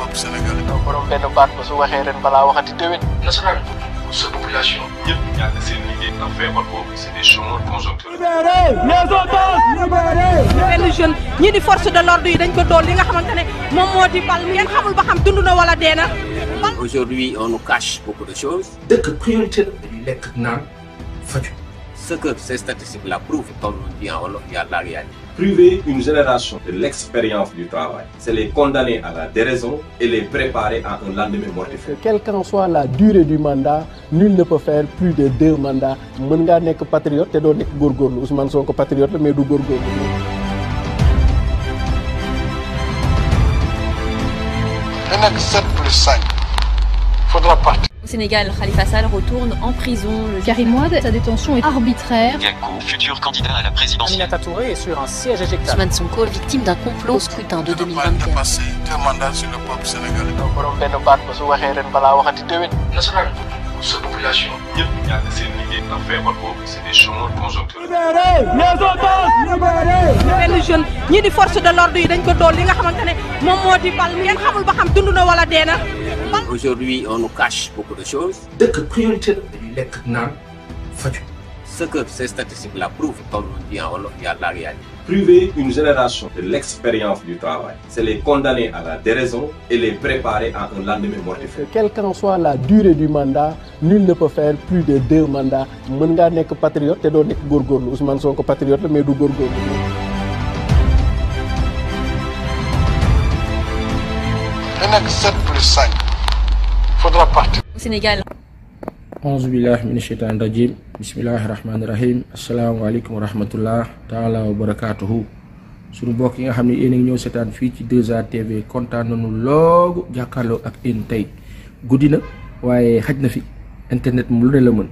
peuple sénégalais. donc borom benn baat ba su waxee ren balaa waxati déwén. national pour sa population. ñëpp ñàkk seen liggéey ndax feebar boobu c'est des chômeurs conjoncturels. libérez les otages libérez. benn jeune de l'ordre yi dañ ko doon li nga xamante ne moom moo di bal ngeen xamul ba xam dund na wala dee na. aujourd'hui on nous cache beaucoup de choses. dëkk priorité la. dañuy lekk naan faju. ce que ces statistiques la prouvent comme on dit en wolof y a la réalité. priver une génération de l'expérience du travail, c'est les condamner à la déraison et les préparer à un lendemain mortifère. Quelle soit la durée du mandat, nul ne peut faire plus de deux mandats. mën ngaa nekk patriote te doo nekk góorgóorlu Ousmane Sonko patriote la mais du góorgóorlu. Dana Au Sénégal, Khalifa Sall retourne en prison. Le Karim Ouad, sa détention est arbitraire. Gakou, futur candidat à la présidence. Aminata Touré est sur un siège éjectable. Ousmane Sonko, victime d'un complot au scrutin de 2021. passer deux mandats sur le peuple sénégalais. borom benn baat ba su waxee ren balaa waxati déwén. national pour sa population. ñëpp ñàkk seen liggéey ndax feebar boobu c'est des chômeurs conjoncturels. libérez les otages libérez. benn jeune ñii di force de l'ordre yi dañ ko dool li nga xamante ne moom moo di bal ngeen xamul ba xam dund na wala dee na Aujourd'hui, on nous cache beaucoup de choses. dëkk priorité la dañuy naan faju ce que ces statistiques-là prouvent, comme on dit y a la réalité. une génération de l'expérience du travail, c'est les condamner à la déraison et les préparer à un lendemain mortifère. Quelle qu'en soit la durée du mandat, nul ne peut faire plus de deux mandats. mën ngaa nekk patriote te doo nekk góorgóorlu Ousmane Sonko patriote la mais du góorgóorlu. partout. Au Sénégal. auzu billahi mina sheytaani rajim bismillahi rahmaani rahim asalaamaaleykum wa rahmatullah taala wa suñu mbokk yi nga xam ne yéen a ngi ñëw seetaan fii ci 2A TV kontaan nañu loogu jàkkaarloo ak yéen tey guddi na waaye xaj na fi internet moom lu ne la mën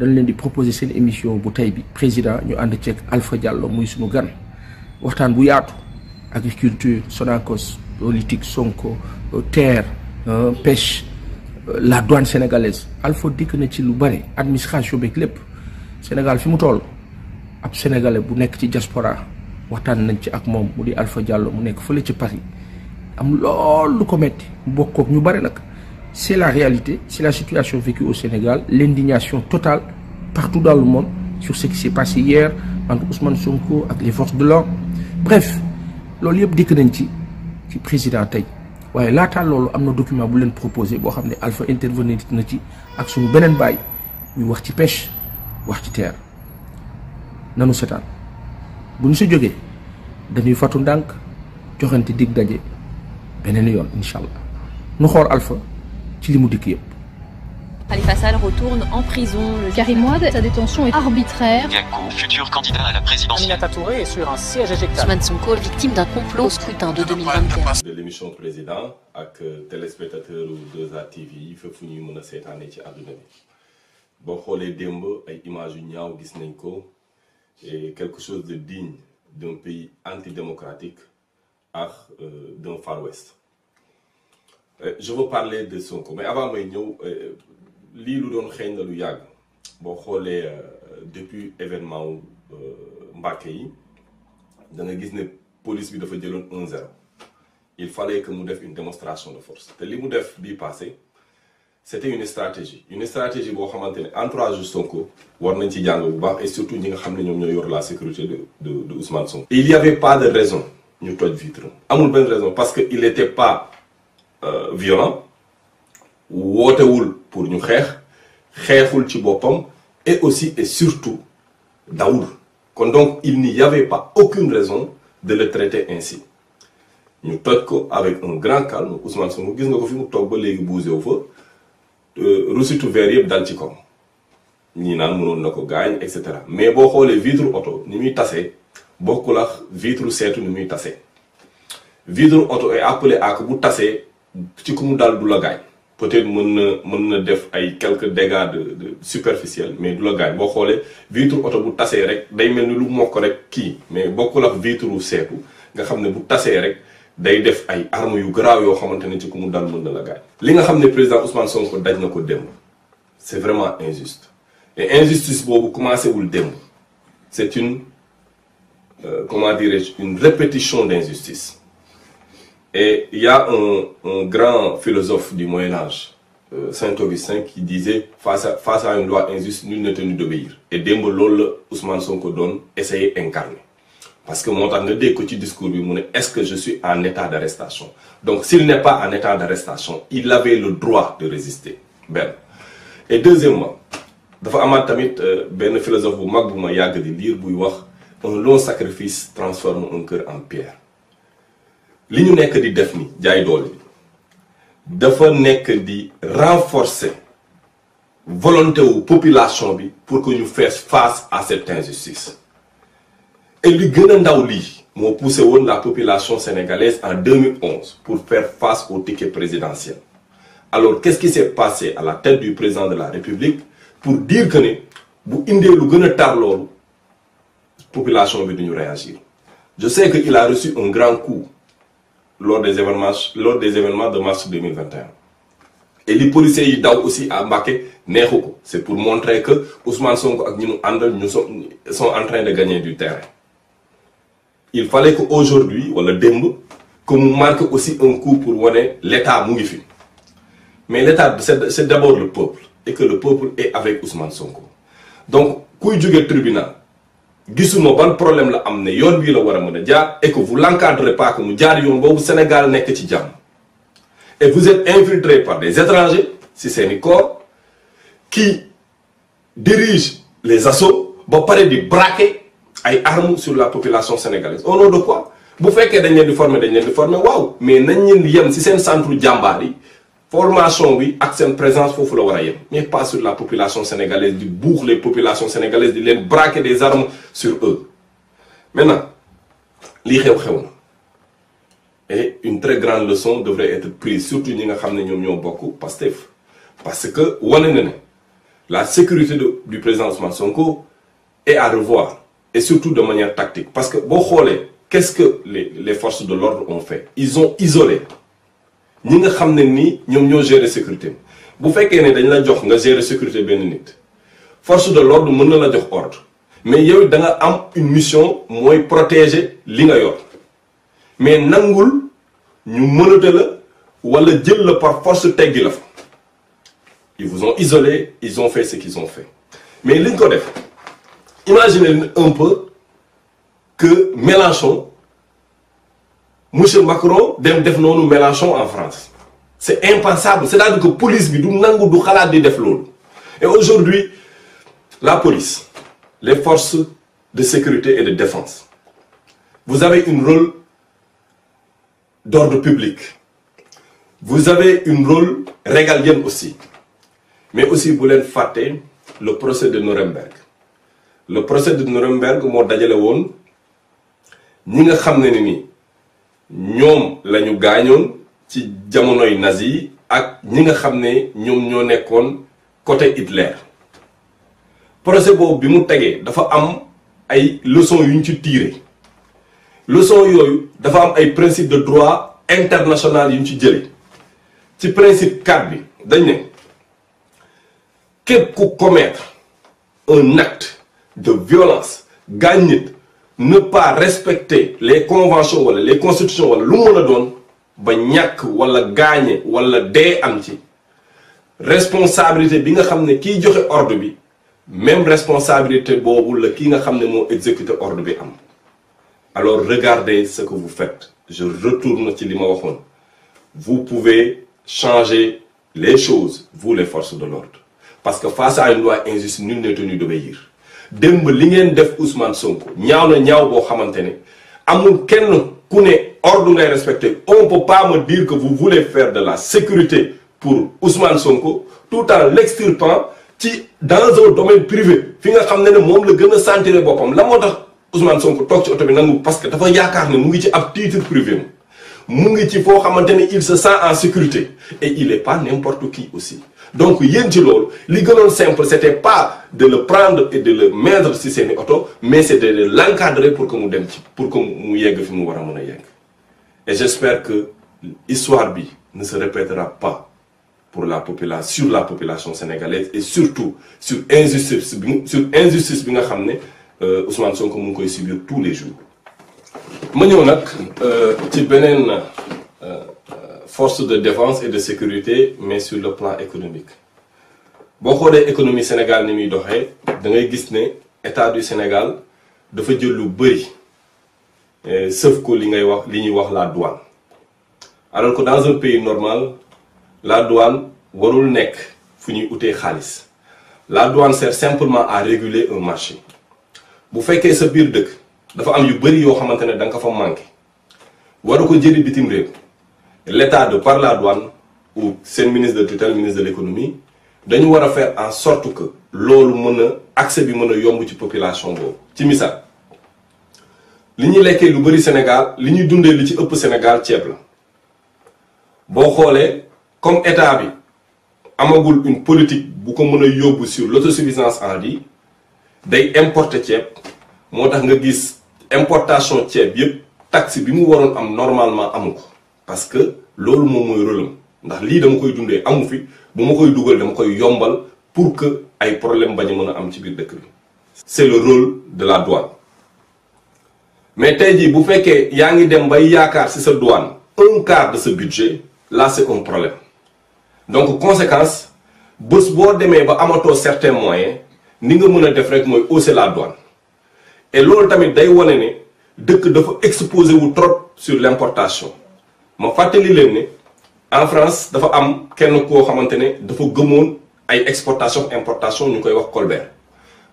dañ leen di proposer seen émission bu tey bi président ñu ànd ceeg Alpha Diallo muy suñu gan waxtaan bu yaatu agriculture Sonacos politique Sonko terre euh, pêche la douane sénégalaise Alpha dikk na ci lu bëri administration beeg lépp Sénégal fi mu toll ab sénégalais bu nekk ci diaspora waxtaan nañ ci ak moom mu di Alpha Diallo mu nekk fële ci Paris am lool lu ko metti bokkook ñu bëri nag c'est la réalité c'est la situation vécue au Sénégal l'indignation totale partout dans moom monde sur ce qui s'est passé hier entre Ousmane Sonko ak les forces de l'ordre bref loolu yëpp dikk nañ ci ci président tey waaye laataa loolu am na document bu leen proposé boo xam ne Alpha intervenir na ci ak suñu beneen baay ñu wax ci pêche wax ci teer nanu setaan bu ñu si jógee dañuy fatu ndànk joxante dig daje beneen yoon incha allah nu xool alfa ci li mu dikk yëpp. Khalifa Sall retourne en prison. Le Karim sa détention est arbitraire. sur un siège éjectable. Ousmane Sonko, victime d'un complot au scrutin de De l'émission président ak euh, téléspectateur ou TV yi fépp fu ñuy mën a seetaanee ci àdduna bi boo xoolee démb ay images yu ñaaw gis nañ ko et quelque chose de digne d'un pays antidémocratique ak euh, d'un Far West. Euh, je veux parler de Sonko mais avant may lii lu doon xeeñ la lu yàgg boo xoolee euh, depuis événement wu euh, yi da gis ne police bi dafa jëloon 1-0 il fallait que mu def une démonstration de force te li mu def bii passé c'était une stratégie une stratégie boo xamante ne entourage Sonko war nañ ci jàng bu baax et surtout ñi nga xam ne ñoom ñoo yor la sécurité de de de Ousmane il y pas de raison ñu toj vitre amul benn raison parce que il était pas euh, violent wootewul. pour ñu xeex xeexul ci boppam et aussi et surtout dawul kon donc il n'y avait pas aucune raison de le traité ainsi ñu toj ko avec un grand calme Ousmane Sonko gis nga ko fi mu toog ba léegi bougé wu fa euh, rusitu verre yëpp dal ci kaw ñii naan mënoon na ko gaañ et cetera mais boo xoolee vitre oto ni muy tasee bokkul vitre seetu ni muy tasee vitre oto est appelé à que bu tasee ci ku mu dal du la gaañ. peut mën na mën na def ay quelques dégâts de de mais du la gaañ boo xoolee vitre oto bu tasee rek day mel ni lu mokk rek kii mais bokkul ak vitre seetu nga xam ne bu tasee rek day def ay armes yu garaaw yoo xamante ne ci ku mu daan mën na la gaañ. li nga xam ne président Ousmane Sonko daj na ko dem c'est vraiment injuste et injustice boobu commencé wul démb c'est une euh, comment dirais-je une répétition d'injustice. Et il y a un, un grand philosophe du Moyen Âge, euh, Saint-Augustin, qui disait face à, face à une loi injuste, nul n'est tenu d'obéir. Et démb loolu la Ousmane Sonko doon essayer incarner parce que moo tax nga dégg ko ci discours bi mu ne est-ce que je suis en état d'arrestation donc s'il n'est pas en état d'arrestation il avait le droit de résister benn et deuxièmement dafa amaat tamit euh, benn philosophe bu mag bu ma yàgg di lire buy wax un long sacrifice transforme un cœur en pierre li ñu nekk di def ni jaay doole dafa nekk di renforcer volonté wu population bi pour que ñu fasse face à cette injustice et li gën a ndaw lii moo poussé woon la population sénégalaise en 2011 pour faire face au ticket présidentiel alors qu'est-ce qui s'est passé à la tête du président de la république pour dire que ne bu indee lu gën a tar loolu population bi duñu réagir je sais que il a reçu un grand coup lors des événements lors des événements de mars 2021 et li policiers yi daw aussi à Mbacké neexu ko c'est pour montrer que Ousmane Sonko ak ñi mu àndal ñu so sont en train de gagner du terrain il fallait que aujourd'hui wala démb que mu marque aussi un coup pour wane l'état mu ngi fi mais l'état c'est d'abord le peuple et que le peuple est avec Ousmane Sonko donc kuy jóge tribunal gisuma ban problème la am ne yoon bii la war a mën a jaar et que vous l'encadrez mu jaar yoon boobu Sénégal nekk ci jàmm et vous êtes infiltré par des étrangers si seeni corps qui dirigent les assauts ba pare di braquer ay armes sur la population sénégalaise au nom de quoi bu fekkee dañ leen di former dañ leen di former waaw mais nañ leen yem si seen centre jàmbaar yi formation bi ak seen présence foofu la war a yem pas sur la population sénégalaise di buux les populations sénégalaises di leen braquer des armes sur eux maintenant li xew-xew na et une très grande leçon devrait être prise surtout ñi nga xam ne ñoom ñoo bokk Pastef parce que wane na ne la sécurité du présencement son Sonko est à revoir et surtout de manière tactique parce que boo xoolee qu'est-ce que les les forces de l'ordre ont fait ils ont ñi nga xam ne nii ñoom ñoo gérer sécurité bu fekkee ne dañ la jox nga gérer sécurité benn nit force de l'ordre mën na la jox ordre mais yow da nga am une mission mooy protéger li nga yor mais nangul ñu mënate la wala jël la par force teggi la fa ils vous ont isolé ils ont fait ce qu'ils ont fait mais liñ ko def imaginez un peu que Mélenchon monsieur Macron dem def noonu Mélenchon en France c'est impensable c'est-à-dire que police bi du nangu du xalaat di def loolu et aujourd'hui la police les forces de sécurité et de défense vous avez un rôle d'ordre public vous avez un rôle régalien aussi mais aussi bu leen fàtte le procès de Nuremberg le procès de Nuremberg moo dajale woon ñi nga xam ne ni ñoom lañu gaañoon ci jamonoy nazi yi ak ñi nga xam ne ñoom ñoo nekkoon côté Hitler projet boobu bi mu tegee dafa am ay leçons yu ñu ci tiire leçon yooyu dafa am ay principe de droit international yu ñu ci jële ci principe 4 bi dañ ne képp ku commettre un acte de violence gaañ nit ne pa respecter les conventions walla les constitutions wala lu mën a doon ba ñàkk wala gaañe wala dee am ci responsabilité bi nga xam ne kiy joxe ordre bi même responsabilité boobu la ki nga xam ne moo exécuter ordre bi am alors regardez ce que vous faites je retourne ci li ma waxoon vous pouvez changer les choses vous les forces de l'ordre parce que face à une loi injuste nul n'est tenu d'obéir démb li ngeen def Ousmane Sonko ñaaw na ñaaw boo xamante ne amul kenn ku ne ordre ngay respecté on peut pas me dire que vous voulez faire de la sécurité pour Ousmane Sonko tout en l'extirpant ci dans un domaine privé fi nga xam ne ne moom la gën a sentir boppam la moo tax Ousmane Sonko toog ci oto bi nangu parce que dafa yaakaar ne mu ngi ci ab titre privé mu ngi ci foo xamante ne il se sent en sécurité et il est pas n'importe qui aussi donc yéen ci loolu li gënoon simple c' était pas de le prendre et de le mettre ci seeni oto mais c' était de l' encadrer pour que mu dem ci pour que mu yegg fi mu war a mën a yegg et j' que histoire bi ne se répétera pas pour la population sur la population sénégalaise et surtout sur injustice bi sur injustice bi nga xam ne euh, Ousmane Sonko mu ngi koy subir tous les jours ma ñëw nag euh, ci beneen. Euh, force de défense et de sécurité mais sur le plan économique boo xoolee économie Sénégal ni muy doxee dangay gis ne état du Sénégal dafa jël lu bëri eh, sëf ko li ngay wax li ñuy wax la douane alors que dans un pays normal la douane warul nekk fu ñuy utee xaalis la douane sert simplement à réguler un marché bu fekkee sa biir dëkk dafa am yu bëri yoo xamante ne da nga ko fa manqué waru ko jëli bitim réew l'État de par la douane ou seen ministre de tutelle ministre de l'économie dañu war a faire en sorte que loolu mën a accès bi mën a yomb ci population boobu ci misaal li ñuy lekkee lu bëri Sénégal li ñuy dundee li ci ëpp Sénégal ceeb la boo xoolee comme état bi amagul une politique bu ko mën a yóbbu sur l'autosuffisance en riz day importe ceeb moo tax nga gis importation ceeb yépp taxe bi mu waroon am normalement amu parce que loolu moom mooy rôle ndax lii dama koy dundee amu fi bu ma koy dugal dama koy yombal pour que ay problème bañ a mën a am ci biir dëkk bi. c'est le rôle de la douane mais tey jii bu fekkee yaa ngi dem bay yaakaar ci sa douane un quart de ce budget là c'est un problème donc conséquence bés boo demee ba amatoo certains moyens ni nga mën a def rek mooy hausser la douane et loolu tamit day wane ne dëkk dafa exposé wu trop sur l'importation ma fàttali leen ne en France dafa am kenn koo xamante ne dafa gëmoon ay exportation importation ñu koy wax Colbert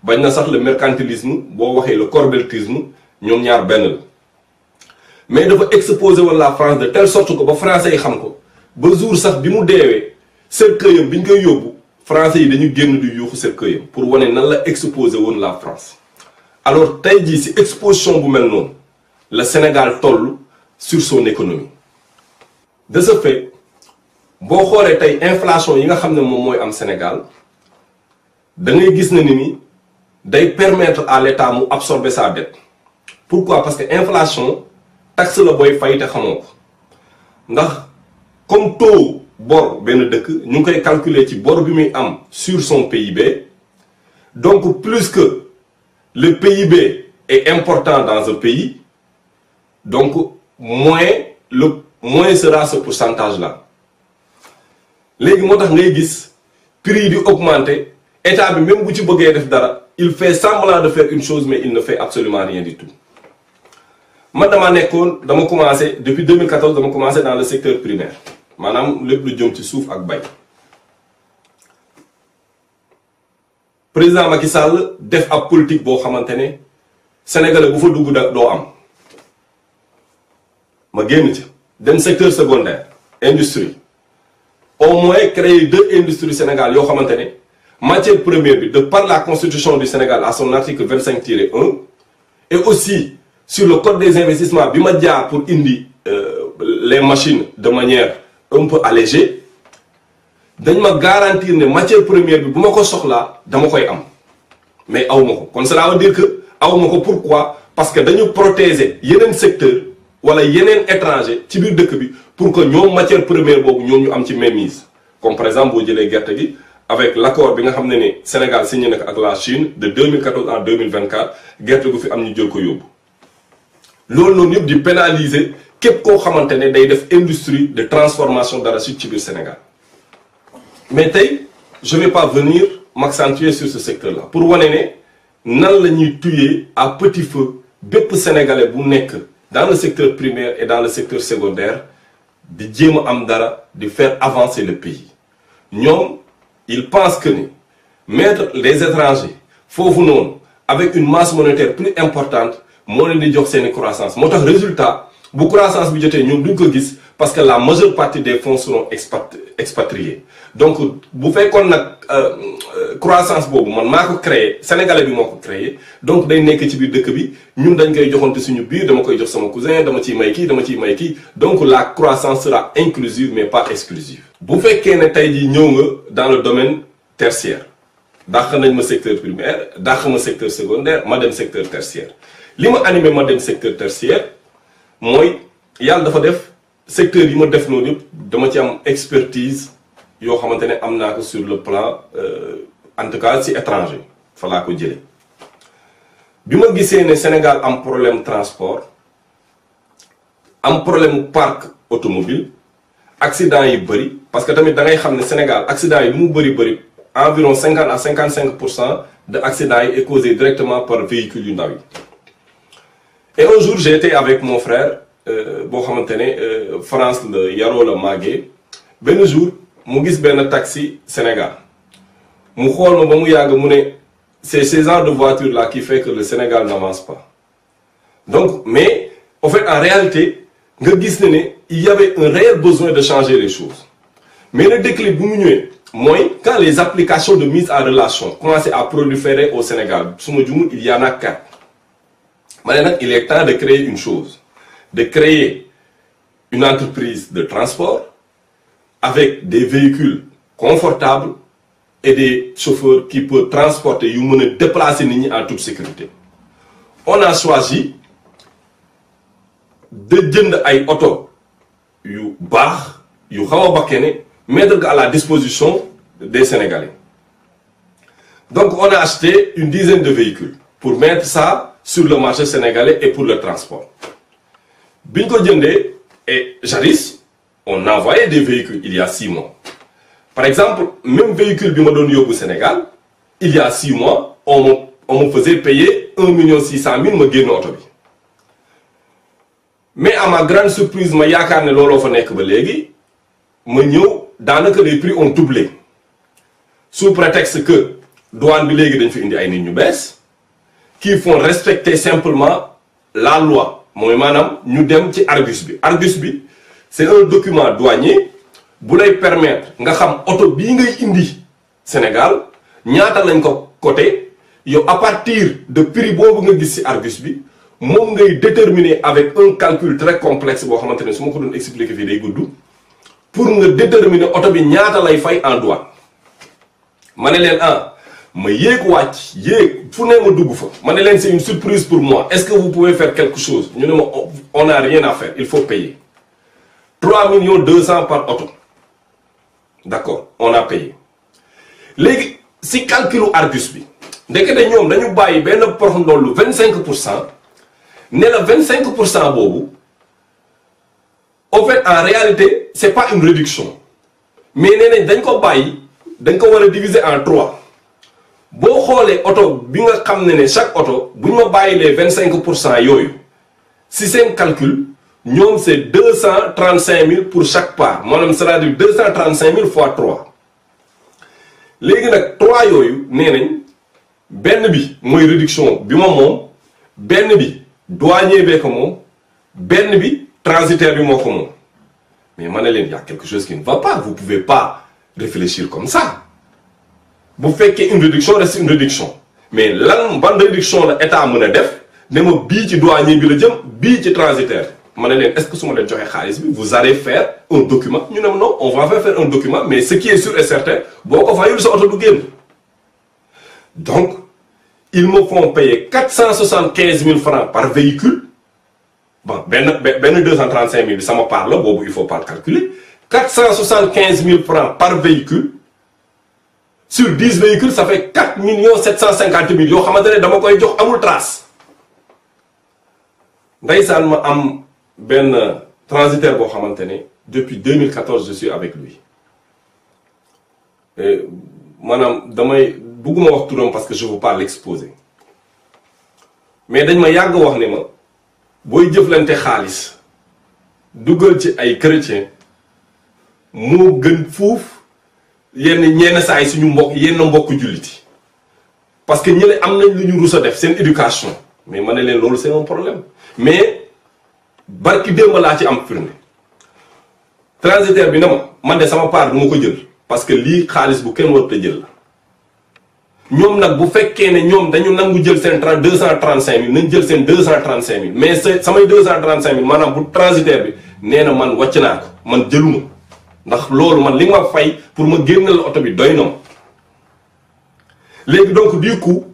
bañ na sax la mercantilisme boo waxee le colbertisme ñoom ñaar benn la mais dafa exposé woon la France de telle sorte ko ba français yi xam ko ba jour sax bi mu deewee cercueil-am bi ñu koy yóbbu français yi dañu génn di yuuxu cercueil-am pour wane nan la exposé woon la France alors tey jii si exposition bu mel noonu la Sénégal toll sur son économie de ce fait boo xoolee tey inflation yi nga xam ne moom mooy am Sénégal da gis na ni ni day permettre à l'État mu absorber sa dette pourquoi parce que inflation tax la booy fay te xamoo ko ndax comme taux bor benn dëkk ñu ngi koy calculer ci bor bi muy am sur son PIB donc plus que le PIB et important dans un pays donc moins le moins sera pour pourcentage la léegi moo tax ngay gis prix yi di augmenter état bi même bu ci bëggee def dara il fait semblant de faire une chose mais il ne fait absolument rien du tout man dama nekkoon dama commencé depuis 2014 dama commencé dans le secteur primaire maanaam lépp lu jëm ci suuf ak bay président Macky Sall def ak politique boo xamante ne sénégalais bu fa dugg da doo am ma génn ca dem secteur secondaire industrie au moins créer deux industries Sénégal yoo xamante ne matière première bi de par la constitution du Sénégal à son article vingt cinq tiré un et aussi sur le code des investissements bi ma jaar pour indi euh, les machines de manière un peu allégée dañ ma garantir ne matière première bi bu ma ko soxlaa dama koy am mais aw ma ko kon cela veut dire que aw ma ko pourquoi parce que dañu protéger yeneen secteur wala yeneen étranger ci biir dëkk bi pour que ñoom matière première boobu ñoom ñu am ci même mise comme par exemple boo jëlee gerte gi avec l' accord bi nga xam ne ne Sénégal signé na ko ak la Chine de 2014 à 2024 gerte gu fi am ñu jël ko yóbbu loolu noonu yëpp di pénaliser képp koo xamante ne day def industrie de transformation d'arachide ci biir Sénégal mais tey je vais pas venir m'accentuer sur ce secteur là pour wane ne nan la ñuy tuyee à petit bépp sénégalais bu nekk. dans le secteur primaire et dans le secteur secondaire di jéem am dara di faire avancer le pays ñoom ils pensent que ni mettre les étrangers foofu noonu avec une masse monétaire plus importante moo leen di jox seeni croissance moo tax résultat bu croissance bi jotee ñoom duñ ko gis parce que la majeure partie des fonds seront expat expatriés donc bu fekkoon nag euh, euh, croissance boobu man maa ko créé sénégalais bi moo ko créé donc day nekk ci biir dëkk bi ñun dañ koy joxante suñu biir dama koy jox sama cousin dama ciy may kii dama ciy may kii donc la croissance sera inclusive mais pas exclusive bu fekkee ne tey jii ñëw nga dans le domaine tertiaire dàq nañ ma secteur primaire dàq ma secteur secondaire ma dem secteur tertiaire li ma animé ma dem secteur tertiaire mooy yàlla dafa def secteur yi ma def noonu yëpp dama ci am expertise yoo xamante ne am naa ko sur le plan euh, en tout cas si étranger fa ko jële bi ma gisee ne Sénégal am problème transport am problème parc automobile accident yi bëri parce que tamit da xam ne Sénégal accident yi lu mu bëri bëri environ cinquante à cinquante cinq pour cent de accident yi est causé directement par véhicule yu ndaw yi et un jour j'étais avec mon frère euh, boo xamante ne euh, France la yaroo la màggee benn jour mu gis benn taxi Sénégal mu xool ma ba mu yàgg mu ne c'est ces genres de voitures là qui fait que le Sénégal n'avance pas donc mais en fait en réalité nga gis ne ne il y avait un réel besoin de changer les choses mais le déclic bu mu ñëwee mooy quand les applications de mise en relation commençaient à proliférer au Sénégal su ma jumul il y en a quatre ma ne nag il est temps de créer une chose de créer une entreprise de transport avec des véhicules confortables et des chauffeurs qui peuvent transporter yu mën a déplacer nit en toute sécurité on a choisi de jënd ay oto yu baax yu xaw a mais de mettre à la disposition des Sénégalais donc on a acheté une dizaine de véhicules pour mettre ça sur le marché sénégalais et pour le transport bi ñu ko jëndee et jadis on envoyait des véhicules il y a six mois par exemple même véhicule bi ma doon yóbbu Sénégal il y a six mois on me on me un million six cent mille ma génn oto bi mais à ma grande surprise ma yaakaar ne looloo fa nekk ba léegi ma ñëw daanaka les prix on doublé sous prétexte que douane bi léegi dañ fi indi ay nit ñu bees. qui font respecter simplement la loi mooy maanaam ñu dem ci argus bi argus bi c'est un document douanier bu lay permettre nga xam oto bii ngay indi Sénégal ñaata lañ ko côté yow a partir de prix boobu nga gis ci argus bi moom ngay déterminer avec un calcul très complexe boo xamante ne su ma ko doon expliquer fii day gudd pour nga déterminer oto bi ñaata lay fay en douane ma ne leen ah ma yéeg wàcc yéeg fu ne ma dugg fa ma ne leen c'est une surprise pour moi est-ce que vous pouvez faire quelque chose ñu ne ma on n'a rien à faire il faut payer trois millions deux cent par auto d'accord on a payé léegi si calculu Argus bi ndekete ñoom dañu bàyyi benn prof ndollu vingt cinq pour cent ne la vingt cinq pour cent boobu au fait en réalité c'est pas une réduction mais nee nañ dañ ko bàyyi dañ ko war a diviser en trois boo xoolee oto bi nga xam ne ne chaque oto bu ñu ma bàyyilee vingt cinq pour cent yooyu si seen calcul ñoom c' est deux cent trente cinq mille pour chaque part maanaam c' est à dire deux cent trente cinq mille fois trois léegi nag trois yooyu nee nañ benn bi mooy réduction bi ma moom benn bi douanier bee ko moom benn bi transitaire bi moo ko moom mais ma ne leen y a quelque chose qui ne va pas vous pouvez pas réfléchir comme ça bu fekkee une réduction reste une réduction mais lan ban réduction la état mën a def ne ma bii ci douanier bi la jëm bii ci transitaire ma ne leen est-ce que su ma leen joxee xaalis bi vous allez faire un document ñu ne non on va faire un document mais ce qui est sûr et certain boo ko fayul sa oto du génn donc ils me font payer quatre cent soixante quinze mille francs par véhicule bon benn benn deux cent trente cinq mille bi sama part la boobu il faut pas calculer quatre mille francs par véhicule sur dix véhicules ça fait quatre millions sept cent cinquante mille yoo xamante ne dama koy jox amul trace ndeysaan ma am benn transitaire boo xamante ne depuis 2014 je suis avec lui maanaam damay bugguma wax turam parce que je veux pas l'exposer mais dañ ma yàgg wax ne ma booy jëflante xaalis dugal ci ay chrétien moo gën fuuf yenn ñenn saa yi suñu mbokk yenn mbokk julliti parce que ñële am nañ lu ñu rus a def seen éducation mais man ne leen loolu c'est un problème mais barki démb laa ci am firnde transitaire bi na ma man de sama part du ma ko jël parce que lii xaalis bu kenn warut a jël la ñoom nag bu fekkee ne ñoom dañu nangu jël seen trente deux cent trente cinq mille nañ jël seen deux cent trente cinq mille mais sa samay deux cent trente cinq mille maanaam bu transitaire bi nee na man wàcc naa man jëluma ndax loolu man li nga ma fay pour ma génne la oto bi doy na ma léegi donc du coup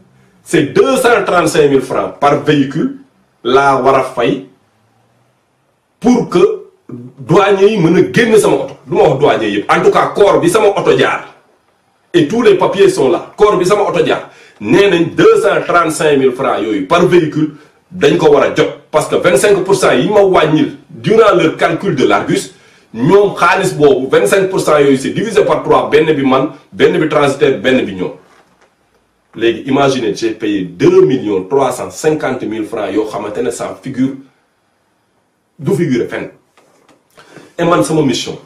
c' est deux cent trente cinq mille francs par véhicule laa war a fay pour que douanier yi mën a génne sama oto du ma wax douanier yëpp en tout cas corps bi sama oto jaar et tous les papiers sont corps bi sama oto jaar nee nañ deux cent trente cinq mille francs yooyu par véhicule dañ ko war a jot parce que vingt cinq pour cent yi ma wàññil durant leur calcul de l'Argus ñoom xaalis boobu 25 pour cent yooyu c'est divisé par 3 benn bi man benn bi transitaire benn bi ñoom léegi imaginez j'ai payé 2 millions 350 mille francs yoo xamante ne sans figure du figure fenn et man sama mission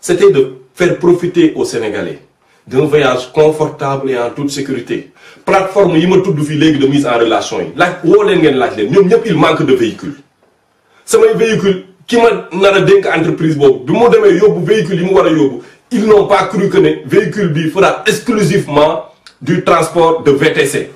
c'était de faire profiter aux Sénégalais d'un voyage confortable et en toute sécurité plateforme yi ma tudd fii léegi de mise en relation yi laaj woo leen ngeen laaj leen ñoom ñëpp il manque de véhicule samay véhicule ki ma nar a dénk entreprise boobu bi mu demee yóbbu véhicule yi mu war a yóbbu ils n'ont pas cru que ne véhicule bi fera exclusivement du transport de VTC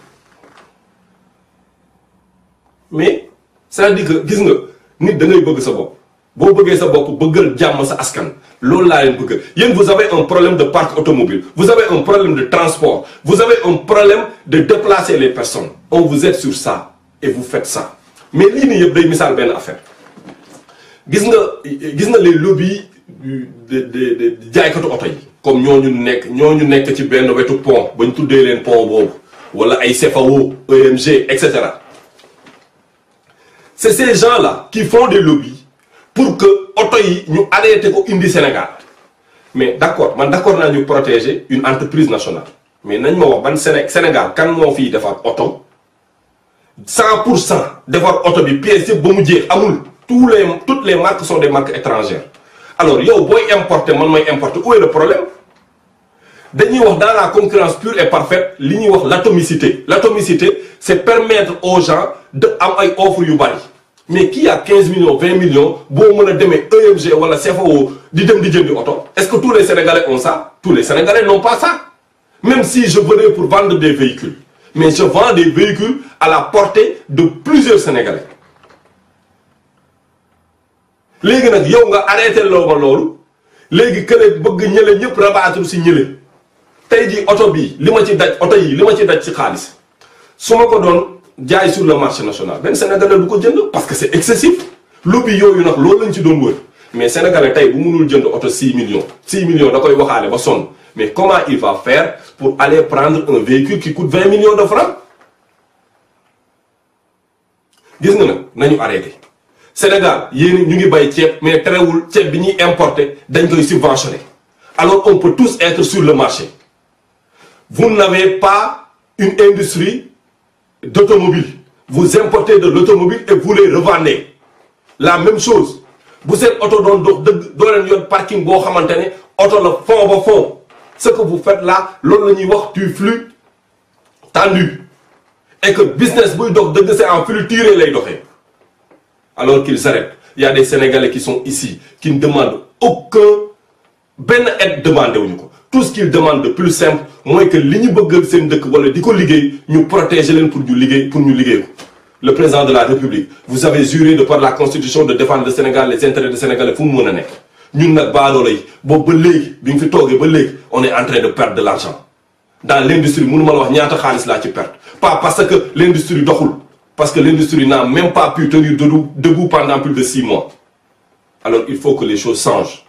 mais c'est-à-dire que gis nga nit da ngay bëgg sa bopp boo bëggee sa bopp bëggal jàmm sa askan loolu laa leen bëgg yéen vous avez un problème de parc automobile vous avez un problème de transport vous avez un problème de déplacer les personnes on vous aide sur ça et vous faites ça mais lii nii yëpp day misaal benn affaire gis nga gis nga les lobbies de de de jaaykatu oto yi. comme ñooñu nekk ñu nekk ci benn wetu pont ba ñu tuddee leen pont boobu wala ay CFAO EMG et cetera c'est ces gens-là qui font des lobbies pour que oto yi ñu arrêté ko indi Sénégal mais d'accord man d'accord naa ñu protéger une entreprise nationale mais nañ ma wax ban Sénégal kan moo fiy defar oto 100 pour cent defar oto bi pièce yëpp ba mu jeex amul. tous les toutes les marques sont des marques étrangères alors yow booy importer man mooy importer où est le problème dañuy wax dans la concurrence pure et parfaite li ñuy wax l'atomicité l'atomicité c'est permettre aux gens de am ay offres yu bari mais qui a 15 millions 20 millions boo mën a demee EMG wala CFAO di dem di jëndi oto est-ce que tous les Sénégalais ont ça tous les Sénégalais n'ont pas ça même si je venais pour vendre des véhicules mais je vends des véhicules à la portée de plusieurs Sénégalais léegi nag yow nga arrêté loo ma loolu léegi kële bëgg ñële ñëpp rabaatul si ñële tey jii oto bii li ma ci daj oto yi li ma ci daj ci xaalis su ma ko doon jaay sur le marché national benn sénégalais du ko jënd parce que c'est excessif lobby yooyu nag loolu lañ ci doon wër mais sénégalais tey bu mënul jënd oto 6 millions 6 millions da koy waxaale ba sonn mais comment il va faire pour aller prendre un véhicule qui coûte 20 millions de francs nga nag nañu arrêté Sénégal yéen ñu ngi bay ceeb mais terewul ceeb bi ñuy importer dañ koy subventionner alors on peut tous être sur le marché vous n'avez pas une industrie d'automobile vous importez de l'automobile et vous les revendez la même chose bu seen oto doon dox dëgg doo leen yoon parking boo xamante ne oto la fond ba fond ce que vous faites là loolu la ñuy wax du flux tendu et que business buy dox dëgg c'est en flux tiré lay doxee alors qu'ils arrêtent il y a des sénégalais qui sont ici qui ne demandent aucun benn aide demandé ko tout ce qu'ils demandent de plus simple mooy que li ñu bëgg seen dëkk wala di ko liggéey ñu protéger leen pour ñu liggéey pour ñu liggéey ko le président de la république vous avez juré de par la constitution de défendre le Sénégal les intérêts des sénégalais fu mu mën a nekk ñun nag baadoolo yi boobu ba léegi bi nga fi toogee ba léegi on est en train de perdre de l'argent dans la wax ñaata xaalis laa ci parce que l'industrie doxul parce que l'industrie n'a même pas pu tenir debout, debout pendant plus de six mois. Alors il faut que les choses changent.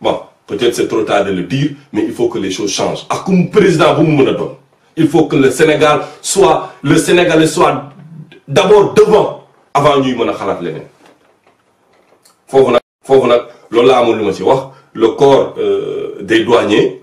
Bon, peut-être c'est trop tard le dire, mais il faut que les choses changent. À comme um président mën a donnez, il faut que le Sénégal soit, le Sénégalais soit d'abord devant avant ñuy mën a xalaat leneen foofu nag foofu nag loolu laa amoon lu ma ci wax le corps euh, des douaniers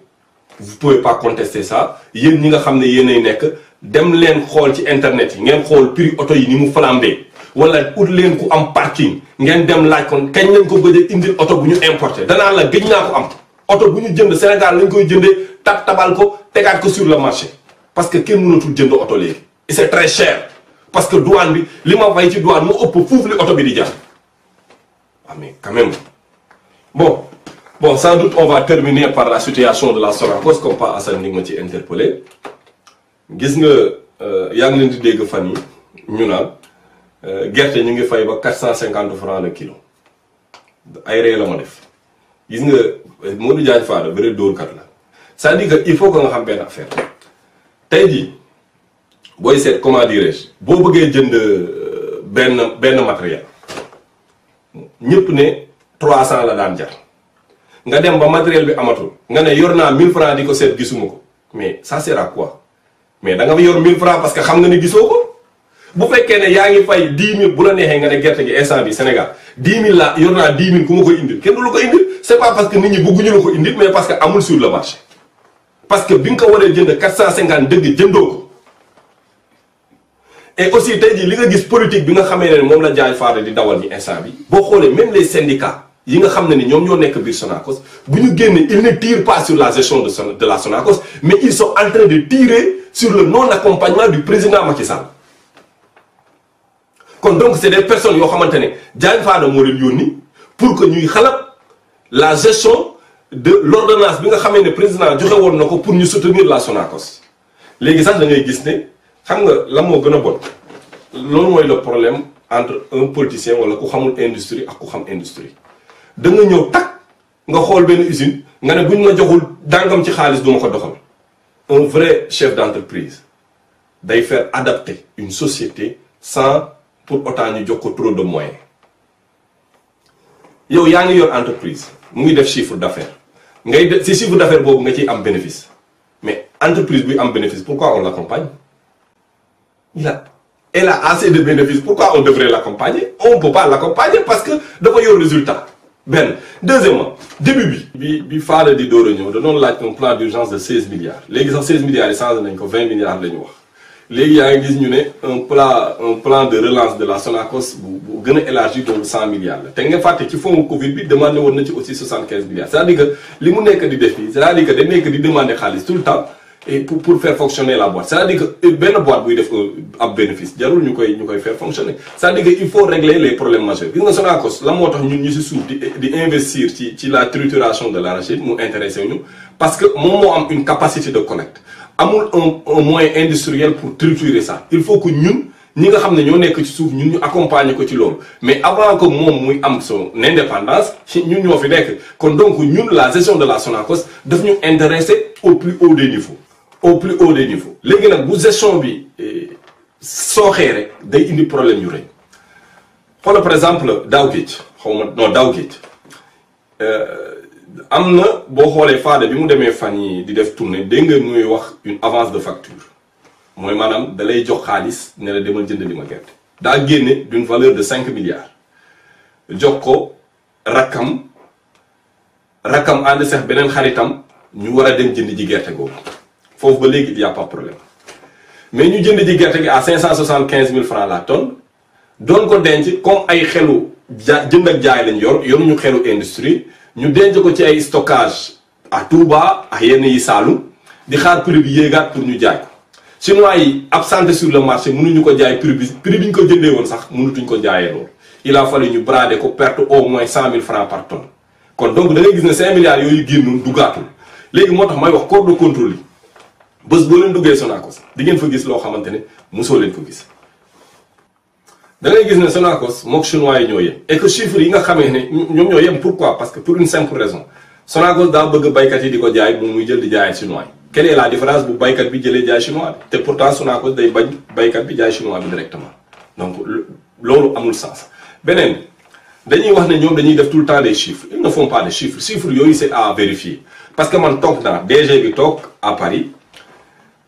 vous pouvez pas contester ça yen ñi nga xam ne yéenay nekk. dem leen xool ci internet yi ngeen xool prix oto yi ni mu flambé wala ut leen ku am parking ngeen dem laaj kon kañ lañ ko gëj a indil oto bu ñu importé danaa la gëj naa ko am oto bu ñu jënd Sénégal lañ koy jëndee tab tabal ko tegaat ko sur le marché parce que kenn mënatul jënd oto léegi et c'est très cher parce que douane bi li ma fay ci douane mu ëpp fuuf li oto bi di jar waaw ah, mais quand même bon bon sans doute on terminer par la situation d la Sonacos ni ma ci interpellé gis nga euh, yaa ngi leen di dégg fan yi ñu naan euh, gerte ñu ngi fay ba quatre cent cinquante franc le kilo ay ree la ma def gis nga euh, Modou Diagne Fada vrai dóorkat la c'est-à-dire que il faut que nga xam benn affaire tey jii booy seet comment dirais-je boo bëggee jënd benn benn matériel ñëpp ne trois cent la daan jar nga dem ba matériel bi amatul nga ne yor naa mille francs di ko seet gisuma ko mais ça sert à quoi mais da nga yor 1000 francs parce que xam nga ne gisoo ko bu fekkee ne yaa ngi fay 10 000 bu la neexee nga ne gerte gi instant bi Sénégal 10 000 laa yor naa 10 ku ma koy indil kenn du ko indil c' pas parce que nit ñi bëgguñu la ko indil mais parce que amul sur le marché parce que bi nga ko waree jënd 450 dëgg jëndoo ko aussi tey jii li nga gis politique bi nga xamee ne moom la jaay faara di dawal ni instant bi boo xoolee même les syndicats yi nga xam ne ni ñoom ñoo nekk biir ñu génnee ils ne tirent pas sur la gestion de de sur le non-accompagnement du président ci Sall. kon donc c'est des personnes yoo xamante ne Diagne Fada moo leen yónni pour que ñuy xalaat la gestion de l'ordonnance bi nga xamee ne président joxe woon na ko pour ñu soutenir la Sonacos léegi sax dangay gis ne xam nga la moo gën a bon loolu mooy le problème entre un politicien wala ku xamul industrie ak ku xam industrie da nga ñëw takk nga xool benn usine nga ne buñ ma joxul dàngam ci xaalis duma ko doxal un vrai chef d'entreprise day faire adapter une société sans pour autant ñu jox ko trop de moyens yow yaa ngi yor entreprise mu ngi def chiffre d'affaires ngay def si chiffre d'affaires boobu nga ci am bénéfice mais entreprise buy am bénéfice pourquoi on l'accompagne il a elle a assez de bénéfices pourquoi on devrait l'accompagner on peut pas l'accompagner parce que dafa yor résultat benn deuxièmement début bi. bi bi Fara di door a ñëw da doon laaj un plan d'urgence de 16 milliards léegi sax 16 milliards yi wax. léegi yaa ngi gis ñu ne un plan un plan de relance de la Sonacos bu bu gën a élargi donc 100 milliards la te nga fàtte ci fonds Covid bi demandé woon na ci aussi milliards c'est-à-dire que li mu nekk di def nii c'est-à-dire que da nekk di demandé xaalis tout le temps. et pour pour faire fonctionner la boîte c'est-à-dire que benn boîte buy def ab bénéfice jarul ñu koy ñu koy faire fonctionner c'est-à-dire que il faut régler les problèmes majeurs gis nga Sonacos la moo tax ñun ñu si suuf di di investir ci la trituration de l'arachide mu intéressé ñu parce que moom moo am une capacité de collecte amul un un moyen industriel pour triturer sax il faut que ñun ñi nga xam ne ñoo nekk ci suuf ñun ñu accompagner ko ci loolu mais avant que moom muy am son indépendance ñun ñoo fi nekk kon donc ñun la gestion de la Sonacos daf ñu intéressé au plus haut des niveaux au plus haut des niveaux léegi nag bu gestion bi euh, sooxee rek day indi problème yu rëy xoolal par exemple daaw géej xaw ma non daaw géej euh, am na boo xoolee faada bi mu demee fan yi di def tournée dégg nga muy wax une avance de facture mooy maanaam dalay jox xaalis ne la demal jënd li ma gerte daa génne d'une valeur de cinq milliards jox ko rakkam rakkam ànd sax beneen xaritam ñu war a dem jënd ci gerte googu foofu ba léegi il y problème mais ñu jënd ji gerte gi à 575 000 francs la tonne doon ko denc comme ay xelu ja jënd ak jaay lañ yor yor ñu xelu industrie ñu denc ko ci ay stockage à Touba ak yenn yi Saalum di xaar prix bi yéegaat pour ñu jaay ko chinois yi absenté sur le marché mënuñu ko jaay prix bi bi ñu ko jëndee woon sax mënutuñ ko jaayee loolu il a fallu ñu brader ko perte au moins 100 000 francs par tonne kon donc da ngay gis ne 5 milliards yooyu génnoon dugaatul léegi moo tax may wax corps yi. bés boo leen duggee Sonacos di ngeen fa gis loo xamante ne mosoo leen ko gis da ngay gis ne Sonacos mook chinois yi ñoo yem et que yi nga xamee ne ñoom ñoo yem pourquoi parce que pour une simple raison Sonacos daa bëgg baykat di ko jaay moom muy jël di jaayee chinois yi. quelle est la différence bu baykat bi jëlee jaay chinois bi te pourtant Sonacos day bañ bi jaay chinois bi directement donc loolu amul sens beneen dañuy wax ne ñoom dañuy def tout le temps des chiffres ils ne font pas yooyu c'est à vérifier parce que man toog naa DG bi toog à Paris.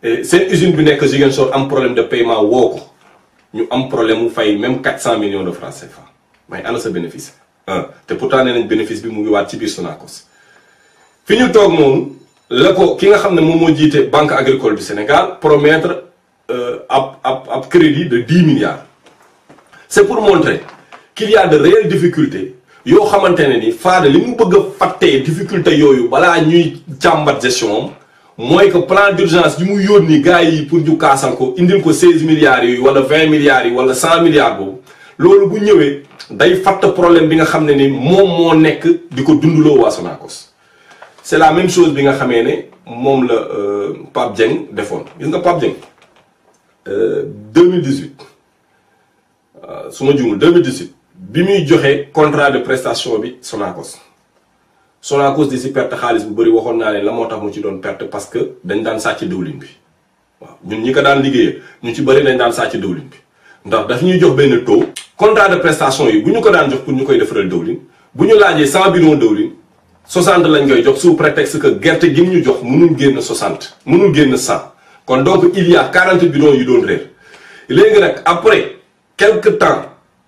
Eh, seen usine bi nekk Ziguinchor am problème de paiement woo ko ñu am problème mu fay même 400 millions de francs CFA may ana sa bénéfice ah te pourtant nee nañ bénéfice bi mu ngi waat ci biir Sonacos fi ñu toog noonu la ko ki nga xam ne moom moo jiite banque agricole du Sénégal promettre euh, ab ab ab crédit de 10 milliards. c'est pour montrer qu'il y a de réelles difficultés yoo xamante ne ni Fada li mu bëgg a fàttee difficulté yooyu balaa ñuy jàmbat gestion mooy que plan d'urgence bi mu yónni gars yi pour ñu kaasal ko indil ko 16 milliards yi wala vingt milliards yi wala 100 milliards boobu loolu bu ñëwee day fatt problème bi nga xam ne ni moom moo nekk di ko dundaloo waa Sonacos c'est la même chose bi nga xamee ne moom la euh, Pape Dieng defoon gis nga Pape Dieng 2018 euh, euh, su ma juumul 2018 bi muy joxe contrat de prestation bi Sonacos. Sonacos di si perte xaalis bu bëri waxoon naa ne la moo tax mu ci doon perte parce que dañ daan sàcc diwlin bi waaw ñun ñi ko daan liggéeyee ñu ci bëri dañ daan sàcc diwlin bi ndax daf ñuy jox benn taux contrat de prestation yi bu ñu ko daan jox pour ñu koy defaral diwlin bu ñu laajee 100 bidon diwlin 60 lañ koy jox sous prétexte que gerte gi ñu jox mënul génn 60 mënul génn 100 kon donc il y a 40 bidons yu doon réer léegi nag après quelque temps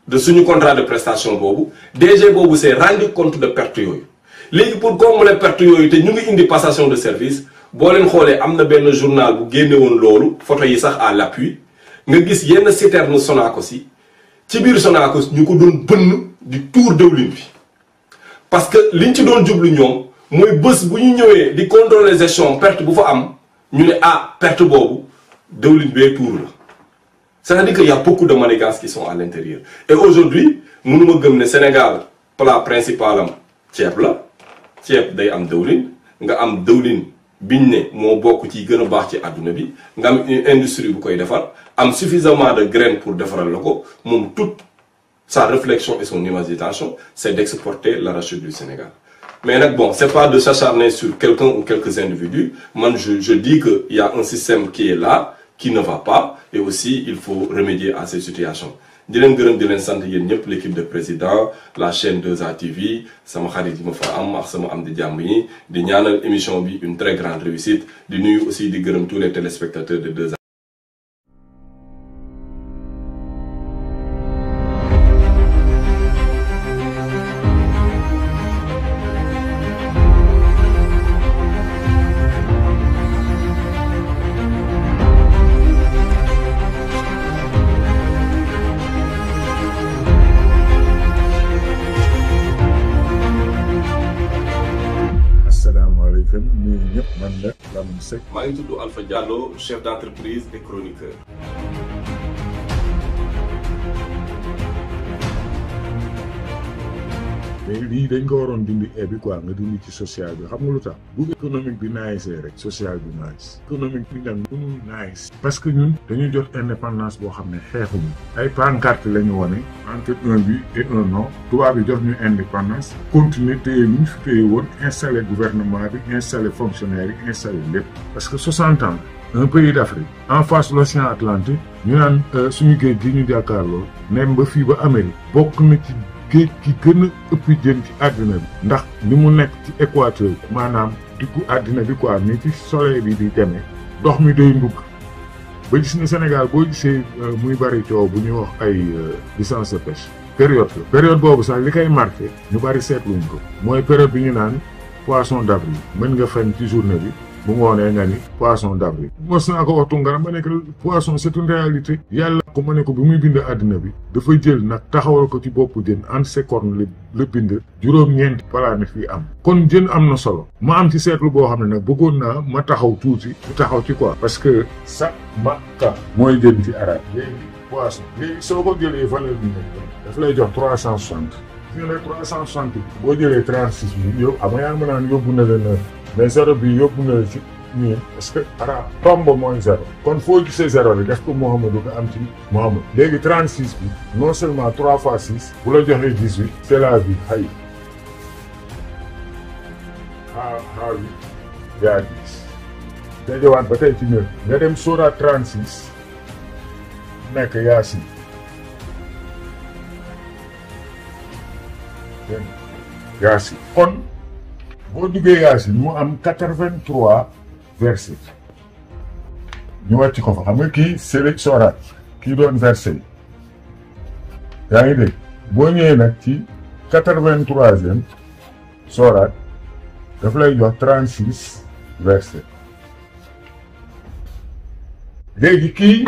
de suñu contrat de prestation boobu DG boobu s'est rendu compte de perte yooyu. léegi pour combler perte yooyu te ñu ngi indi passation de service boo leen xoolee am na benn journal bu génne woon loolu photo yi sax à l'appui nga gis yenn citerne Sonacos si ci biir Sonacos ñu ko doon bënn di tuur dëwlin bi parce que liñ ci doon jublu ñoom mooy bés bu ñu ñëwee di contrôler gestion perte bu fa am ñu ne ah perte boobu dëwlin bee tuur la c'est-à-dire que y a beaucoup de manigances qui sont à l'intérieur et aujourd'hui mënuma gëm ne Sénégal plat principal ceeb la ceeb day am dëwlin nga am dëwlin biñ ne moo bokk ci gën a baax ci àdduna bi nga am industrie bu koy defar am suffisamment de graines pour defaral la ko moom toute sa réflexion et son imagination c'est d'exporter l'arachide du Sénégal mais nag bon c'est pas de s'acharner sur quelqu'un ou quelques individus man je je dis que ya un système qui est là qui ne va pas et aussi il faut remédier à ces situations di leen gërëm di leen sant yéen ñëpp l'équipe de président la chaîne 2A TV sama xarit yi ma fa am ak sama am di jàmm yi di ñaanal émission bi une très grande réussite di nuyu aussi di gërëm tous les téléspectateurs de 2A maa ngi tudd Alpha Diallo chef d'entreprise et chroniqueur. mais lii dañ ko waroon dindi e bi quoi nga dindi ci social bi xam nga lu tax bu économique bi naayisee rek social bi naayis économique bi nag mënul naayis parce que ñun dañu jot indépendance boo xam ne xeexuñu ay pancarte la ñu wane entre un bi et un non tubaab yi jox ñu indépendance continuer téye ñu fi téye woon installé gouvernement bi installé fonctionnaire yi installé lépp parce que 60 ans un pays d'Afrique en face l'océan Atlantique ñu naan euh, suñu géej gi ñu jàkkaarloo nem ba fii ba Amérique bokk ci géej ki gën ëpp jën ci àddina bi ndax ni mu nekk ci équateur maanaam diggu àddina bi quoi ni ci soleil bi di demee ndox mi day ndugg ba gis ni Sénégal boo gisee euh, muy bari coow bu ñuy wax ay euh, licence de pêche période la période boobu sax li koy marqué ñu bari seetluñ ko mooy période bi ñu naan poisson d'avril mën nga fen ci journée bi bu ngoonee nga ni poisson d'avril mos naa ko wax Tounkara ma nekk poisson c'est une réalité yàlla ko ma ne ko bi muy bind àddina bi dafa jël nag taxawal ko ci bopp jën ant ses cornes la bind juróom-ñeenti planète fii am kon jën am na solo ma am ci seetlu boo xam ne bëggoon naa ma taxaw tuuti mu taxaw ci quoi parce que sa ma mooy jën ci arab léegi soo ko jëlee valeur bi daf lay jox trois cent soixante ñu ne trois cent boo jëlee trente six mille yow ama yaa ma naan yóbbu na leen mais zéro bi yóbbu na ci ñun parce que ara tomb mooy zéro kon foo gisee zéro bi def ko Mouhamadou am ci Mouhamadou léegi 36 bi non seulement 3 fois 6 bu la joxee 18 c'est la vie xay ah, ah xaa xaa wi yaa gis dajawaat ba tey ci ñëw nga dem sóora 36 nekk Yaasin Yaasin kon boo duggee yaasin mu am quatre-vingt-trois versets ñu wàcc ko fa xam nga kii Sélé Sora kii doon verset yi yaa ngi dégg boo ñëwee nag ci quatre-vingt-troisième soraat daf lay jox trente-six verset léegi kii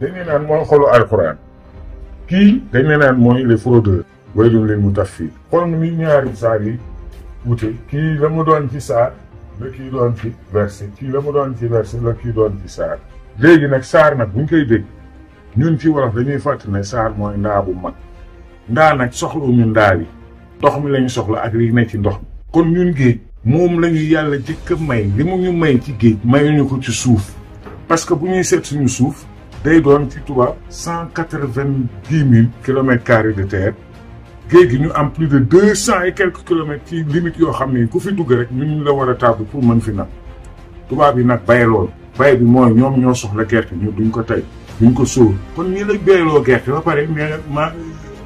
dañu naan mooy xolu alxuraan kii dañu naan mooy les fraudeurs waylun lil mutaffifin xool ni ñaari saar yi wute kii la mu doon ci saar la kii doon ci verset kii la mu doon ci verset la kii doon ci saar léegi nag saar nag buñ koy dégg ñun ci wolof dañuy fàtt ne saar mooy ndaa bu mag ndaa nag ñu ndaa yi ndox mi lañu soxla ak li ne ci ndox mi kon ñun géej moom lañu yàlla jëkk a may li mu ñu may ci géej mayuñu ko ci suuf parce que bu ñuy seet suñu suuf day doon ci tubaab cent quatre-vingt-dix mille kilomètres carrés de terre géej gi ñu am plus de deux cent et quelques kilomètres ci limite yoo xam ne ku fi dugg rek ñun la war a tàbb pour man fi nag tubaab yi nag baye loolu bay bi mooy ñoom ñoo soxla gerte ñu duñ ko tey duñ ko sóor kon ñii la bayloo gerte ba pare mais maa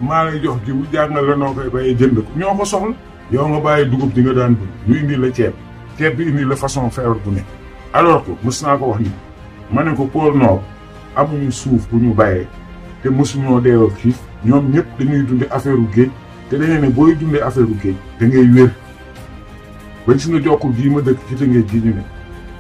maa lay jox mu jàngal la noo koy bayee jënd ko ñoo ko soxla yow nga bàyyi dugub di nga daan bu ñu indi la ceeb ceeb bi indi la façon feebar bu ne alors ko mës naa ko wax ni ma ne ko pôle nord amuñu suuf bu ñu bayee te mosuñoo deewoo xiif ñoom ñëpp dañuy dunde affaire géej te dañee ne booy dundee affaire géej da ngay wér bañ suñu jokku jii ma dëkk ci tëngee ji ñu ne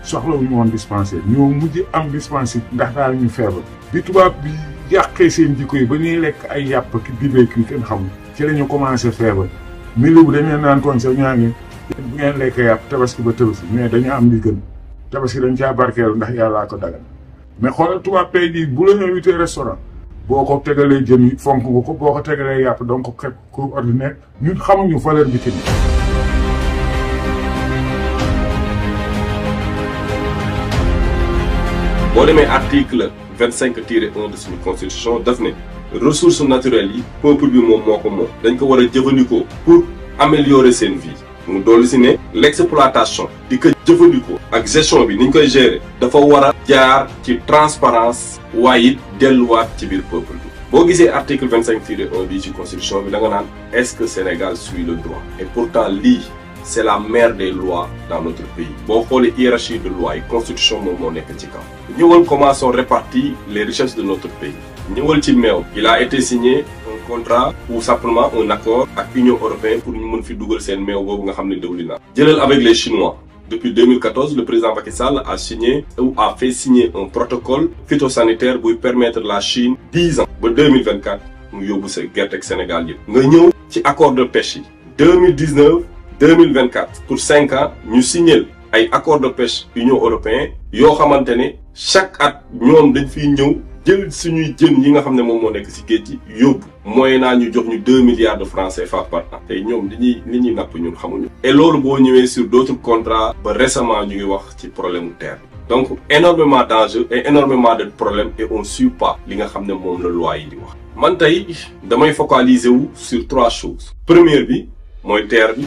soxlawuñu woon dispensaire ñoo mujj am dispensaire ndax daal ñu feebar bi tubaab bi yàqee seen jikko yi ba ñuy lekk ay yàpp ki dibee kii kenn xamul ci la ñu commencé feebar milieu bu ne naan tooñ sax ñaa ngi bu ngeen lekk yàpp tabaski ba tabaski mais dañu am li gën tabaski dañ caa barkeelu ndax yàllaa ko dagal boo ko tegalee jën yi fonk nga ko boo ko tegalee yàpp donc xepp ku ordinaire ñun xamuñu valeur bi ci nii boo demee article vingt cinq tiré un de suñu constitution daf ne ressources naturelles yi peuple bi moom moo ko moom dañ ko war a jëfandikoo pour améliorer seen vie mu dolli si ne l' exploitation di ko jëfandikoo ak gestion bi ni ñu koy gérer dafa war jaar ci transparence waaye it delluwaat ci biir peuple bi boo gisee article 25 tiré 1 bi ci constitution bi da nga naan est-ce que Sénégal suit le droit et pourtant lii c'est la mère des lois dans notre pays boo xoolee hiérarchie de loi yi constitution moom moo nekk ci kaw ñëwal comment sont réparties les richesses de notre pays ñëwal ci meew il a été signé un contrat ou simplement un accord ak Union européenne pour ñu mën fi dugal seen meew boobu nga xam ne dawli naa avec les Chinois depuis 2014 le président Macky Sall a signé ou a fait signer un protocole phytosanitaire buy permettre la Chine dix ans ba 2024 mu yóbbu sa gerte Sénégal yëpp. nga ñëw ci accord de pêche yi 2019 2024 pour cinq ans ñu signé ay accord de pêche Union européenne yoo xamante ne chaque at ñoom dañ fiy ñëw. jël suñuy jën yi nga xam ne moom moo nekk si géej gi yóbbu mooy naa ñu jox ñu deux milliards de francs CFA par an tey ñoom ni ñuy li napp ñun xamuñu et loolu boo ñëwee sur d'autres contrats ba récemment ñu wax ci problème mu terre donc énormément d'enjeux et énormément de problèmes et on suit pas li nga xam ne moom la loi yi di wax man tey damay focaliser wu sur trois choses première bi mooy terre bi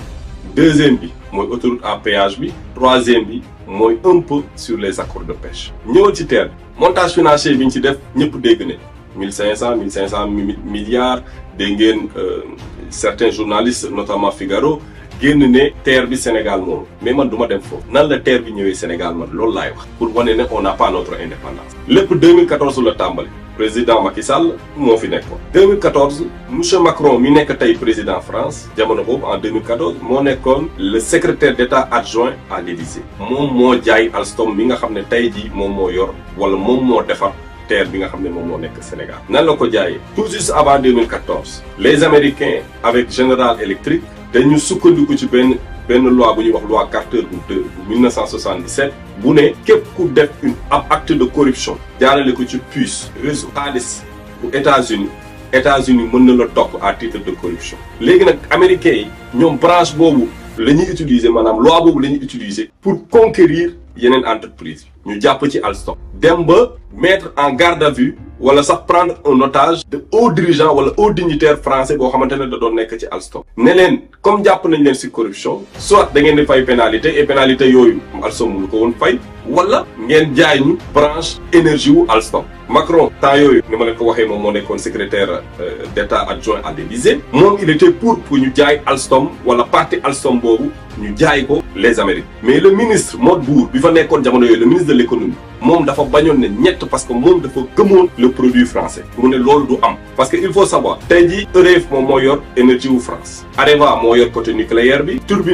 deuxième bi mooy autoroute à péage bi troisième bi mooy un peu sur les accords de pêche. ñëwal ci terre montage financier bi ñu ci def ñëpp dégg ne mille cinq cent mille cinq cent milliards dégg ngeen euh, certains journalistes notamment Figaro. génn ne terre bi Sénégal moom mais man duma ma dem foofu nan la terre bi ñëwee Sénégal man loolu laay wax pour wane ne on n'a pas notre indépendance lépp 2014 la tàmbali président Macky Sall moo fi nekkoon 2014 monsieur Macron mi nekk tey président France jamono boobu en moo nekkoon le secrétaire d'État adjoint à l'Élysée moom moo jaay Alstom mi nga xam ne tey jii moom moo yor wala moom moo defar terre bi nga xam ne moom moo nekk Sénégal nan la ko jaayee tout juste avant 2014 les Américains avec General Electric dañu sukkandiku ci benn benn loi bu ñuy wax loi Carter bu de 1977 bu ne képp ku def une ab acte de corruption jaarale ko ci puce réseau xaalis bu États-Unis États-Unis mën na la topp à titre de corruption léegi nag américains yi ñoom branche boobu la ñuy utiliser maanaam loi boobu la ñuy utiliser pour conquérir yeneen entreprise ñu jàpp ci Alstom dem ba mettre en garde à vue wala sax prendre un otage de haut dirigeant wala haut dignitaire français boo xamante ne da doon nekk ci Alstom neleen comme jàpp nañ leen si corruption soit da ngeen di fay pénalité et pénalité yooyu Alstom mënu ko woon fay wala ngeen jaay ñu branche énergie wu Alstom Macron temps yooyu ni ma leen ko waxee moom moo nekkoon secrétaire euh, d'État adjoint à l'Élysée moom il était pour pour ñu jaay Alstom wala parti Alstom boobu ñu jaay ko les Amériques mais le ministre Montebourg bi fa nekkoon jamono yooyu le ministre de l'économie moom dafa bañoon ne ñett parce que moom dafa gëmoon le produit français mu ne loolu du am parce que il faut savoir tey jii EDF moom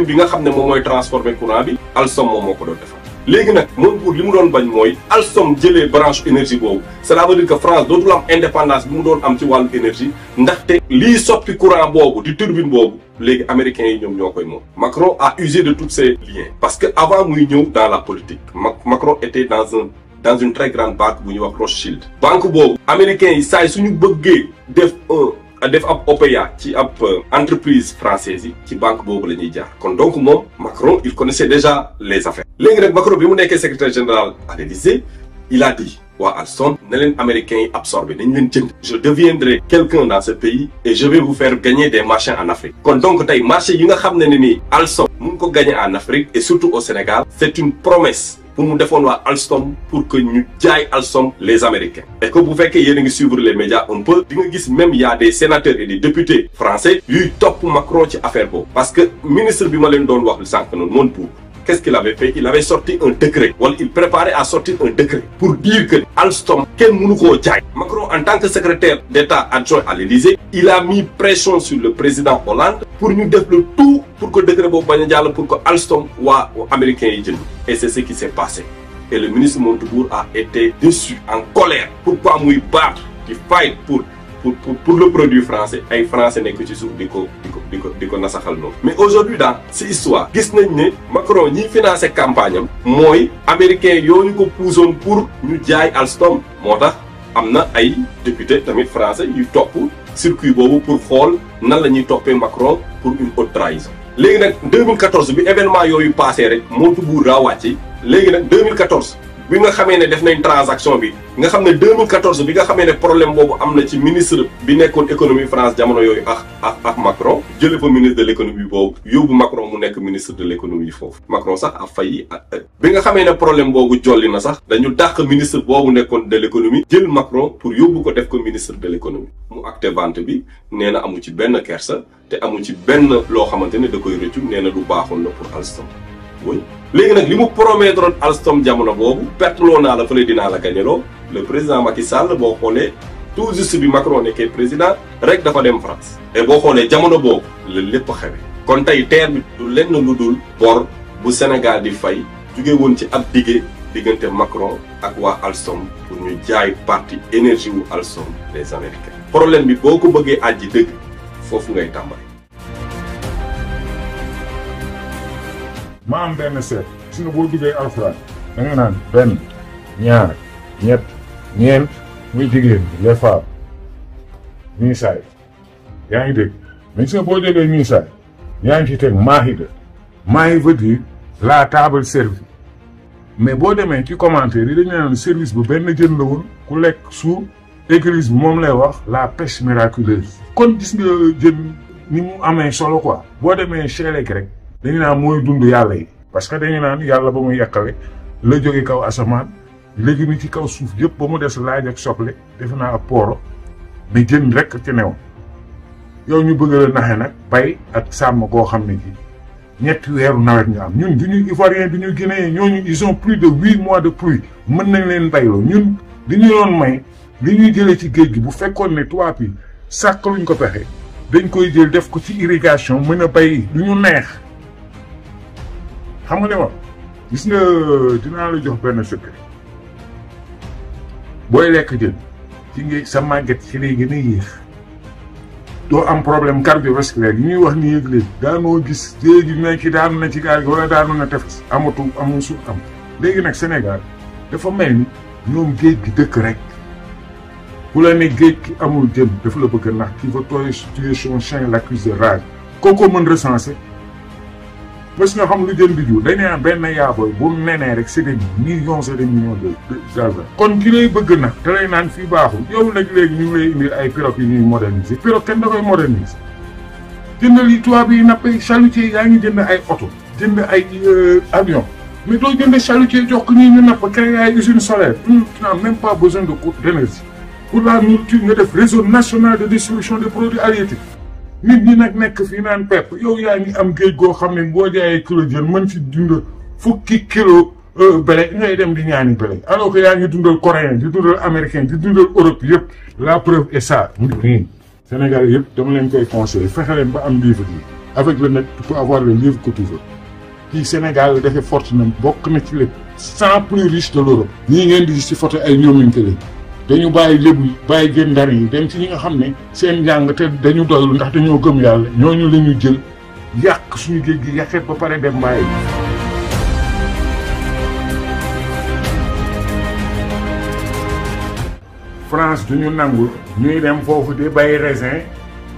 bi nga xam mooy transformer courant moo ko léegi nag moom buur li mu doon bañ mooy Alstom jëlee branche énergie boobu cela veut dire que France dootul am indépendance bi mu doon am ci wàllu énergie ndaxte lii soppi courant boobu di turbine boobu léegi américains yi ñoom ñoo koy moom Macron a usé de tous ses liens parce que avant muy ñëw dans la politique Macron était dans un dans une très grande banque bu ñuy wax Rothschild banque boobu américains yi saay suñu bëggee def def ab OPEA ci ap euh, entreprise française yi ci banque boobu la ñuy jaar kon donc moom Macron il connaissait déjà les affaires léegi nag Macron bi mu nekkee secrétaire général à l'Élysée il a dit waa Alstom na leen américains yi absorbé nañ leen jënd je deviendrai quelqu'un dans ce pays et je vais vous faire gagner des marchés en Afrique kon donc tey marché yi nga xam ne ne nii Alstom mu ngi ko gagner en Afrique et surtout au Sénégal c'est une promesse pour mu defoon waa Alstom pour que ñu jaay Alstom les Américains et que bu fekkee yéen a ngi suivre les médias un peu di nga gis même y a des sénateurs et des députés français yuy topp Macron ci affaire boobu parce que ministre bi ma leen doon wax sànq noonu moon pour qu'est-ce qu'il avait fait il avait sorti un décret wala il préparait à sortir un décret pour dire que Alstom kenn mënu koo jaay Macron en tant que secrétaire d'État adjoint à l'Élysée il a mis pression sur le président Hollande pour ñu def le tout pour que décret boobu bañ a jàll pour que Alstom waa américains yi jënd et c'est ce qui s'est passé et le ministre Montebourg a été déçu en colère pourquoi muy battre di fight pour pour pour pour le produit français ay français nekk ci suuf di ko di ko di ko di ko nasaxal noonu. mais aujourd'hui daal si histoire gis nañ ni Macron ñiy financé campagne mooy américain ñu ko puusoon pour ñu jaay Alstom moo tax am na ay député tamit français yu topp circuit boobu pour xool nan la ñuy toppee Macron pour une haute trahison. léegi nag 2014 bi événement yooyu passé rek moo bu raawaat ci léegi nag 2014. bi nga xamee ne def nañ transaction bi nga xam ne 2014 bi nga xamee ne problème boobu am na ci ministre bi nekkoon économie France jamono yooyu ak ak ak Macron jëlee fa ministre de l' économie boobu yóbbu Macron mu nekk ministre de l' économie foofu Macron sax a fay bi nga xamee ne problème boobu jolli na sax dañu dàq ministre boobu nekkoon de l' économie jël Macron pour yóbbu ko def ko ministre de l' économie mu acté vente bi nee na amu ci benn kersa te amu ci benn loo xamante ne da koy rëccu nee na lu baaxoon la pour Alstom oui léegi nag li mu promettre Alstom jamono boobu perteloo naa la fële dinaa la gañeloo le président Macky Sall boo xoolee tout juste bi Macron nekkee président rek dafa dem France. et boo xoolee jamono boobu la lépp xewee. kon tey terre bi du lenn lu dul bor bu Sénégal di fay juge woon ci ab dige diggante Macron ak waa Alstom pour ñu jaay parti énergie wu Alstom les Américains. problème bi boo ko bëggee àjji dëgg foofu ngay tàmbali. ma am benn seet gis nga boo duggee alxuraan da nga naan benn ñaar ñet ñeent muy jigéen les femmes miisaay yaa ngi dégg mais gis nga boo jógee miisaay ñaa ngi ci teg maahida maahi veut dire la table servie mais boo demee ci commentaire yi dañu naan service bu benn jën la ku lekk suur église moom lay wax la pêche miraculeuse kon gis nga jën ni mu amee solo quoi boo demee chez les dañu naan mooy dund yàlla yi parce que dañu naan yàlla ba mu yàqale la jóge kaw asamaan léegi ni ci kaw suuf yëpp ba mu des laaj ak soble defe naa ab pooro ne jën rek ci new yow ñu bëgg la naxe nag bay ak sàmm koo xam ne ji ñetti weeru nawet ñu am ñun du ñuy Ivoirien du ñuy Guinéen ñooñu ils ont plus de huit mois de pluie mën nañ leen bayloo ñun li ñu doon may li ñuy jëlee ci géej gi bu fekkoon ne tubaab yi sàkk luñ ko pexe dañ koy jël def ko ci irrigation mën a bay lu ñu neex. xam nga ne ma gis nga dinaa la jox benn secret booy lekk jën ci ngay sa màgget ci lay gën a yéex doo am problème cardiovasculaire yi ñuy wax ni yëg léegi daanoo gis léegi nekk ci daanu na ci gaal gi wala daanu na tefes amatu amul suuf am léegi nag Sénégal dafa mel ni ñoom géej gi dëkk rek ku la ne géej gi amul jëm dafa la bëgg a nax qui veut tuer son chien l'accuse de rage mën recenser parce na nga xam lu jën di jiw dañ ne ah benn yaaboy bu nenee rek c'est des millions c'est des millions de kon ki lay bëgg na te lay naan fii baaxul yow léegi ñu ngi lay ay pirogues yi ñuy moderniser pirogue kenn da koy moderniser jëndal yi tubaab yi nappay chalutier yaa ngi jënd ay oto jënd ay euh, avion mais doo jënd chalutier jox ko ñii ñu napp créer ay usine solaire ñu n'a même pas besoin de coût d'énergie pour la nourriture nga def réseau national de distribution des produits nit ñi nag nekk fii naan pepp yow yaa ngi am géej goo xam ne boo jaayee kilo jën mën si dund fukki kilo euh, bële ngay dem di ñaani bële alors que yaa ngi dundal coréen di dundal américain di dundal Europe yëpp la preuve est ça mu ngi Sénégal yëpp dama leen koy conseillé fexe leen ba am livre bi avec le net tu peux avoir le livre que tu veux kii Sénégal dafay bokk na ci lépp cent plus riche de ngeen di si photo ay ñoomin ke dañu bàyyi lébu yi bàyyi gën ndar yi dem ci ñi nga xam ni seen njàng te dañu doylu ndax dañoo gëm yàlla ñooñu la ñu jël yàq suñu géej gi yàqet ba pare dem bàyyi. France du ñu nangu ñuy dem foofu di bàyyi raisin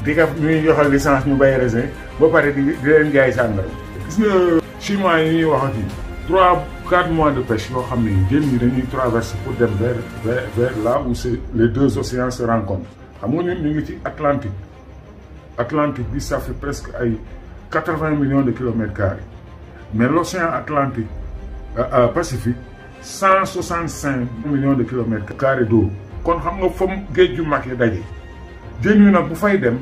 di ka ñuy joxe licence ñu bàyyi raisin ba pare di di leen jaay sàngara. gis nga chinois yi ñuy waxati trois. quatre mois de pêche yoo xam ne jën ñi dañuy traverser pour dem vers vers vers là où les deux océans se rencontrent xam nga ñun ñu ngi ci Atlantique Atlantique bi ça presque ay quatre-vingts millions de kilomètres carrés mais l'océan Atlantique euh, euh Pacifique cent soixante-cinq millions de kilomètres carrés d'eau kon xam nga fa mu géej ju mag yi daje jën yu nag bu fay dem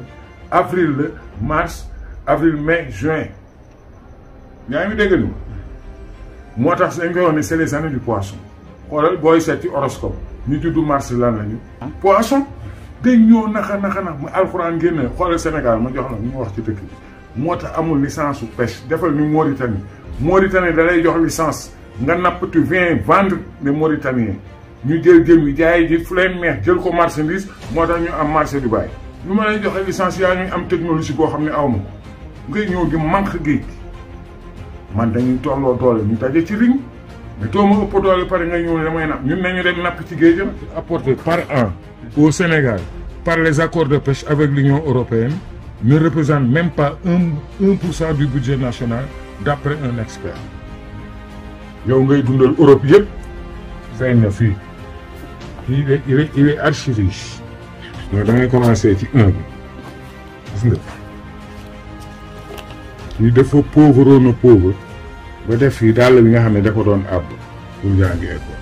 avril la mars avril mai juin yaa ngi dégg ñu moo tax dañ koy wax ne les années du poisson xoolal booy seet ci horoscope ñu tudd mars lan lañu poisson dañ ñëw naxa naxa nax mu alxuraan génn xoolal Sénégal ma jox na ñu wax ci dëkk bi moo tax amul licence su pêche defal ñu Mauritanie Mauritanie da lay jox licence nga napp tu viens vendre les Mauritaniens ñu jël jëm yi jaay ji fu leen neex jël ko marchandise moo tax ñu am marché Dubaï. ñu ma lay joxe licence yaa ñu am technologie boo xam ne aw ma ngay ñëw di manque géej man dañuy tolloo doole ñu daje ci ring mais too ma ëpp doole pare nga ñëw ne damay napp ñun nañu dem napp ci géej apporté par an au Sénégal par les accords de pêche avec l'Union européenne ne représente même pas un un pour cent du budget national d'après un expert yow ngay dundal Europe yëpp feeñ na fii il est il est il riche donc da ngay commencé ci un bi gis nga kii dafa pauvre ba def fii dàll bi nga xam ne da doon àbb pour jàngi école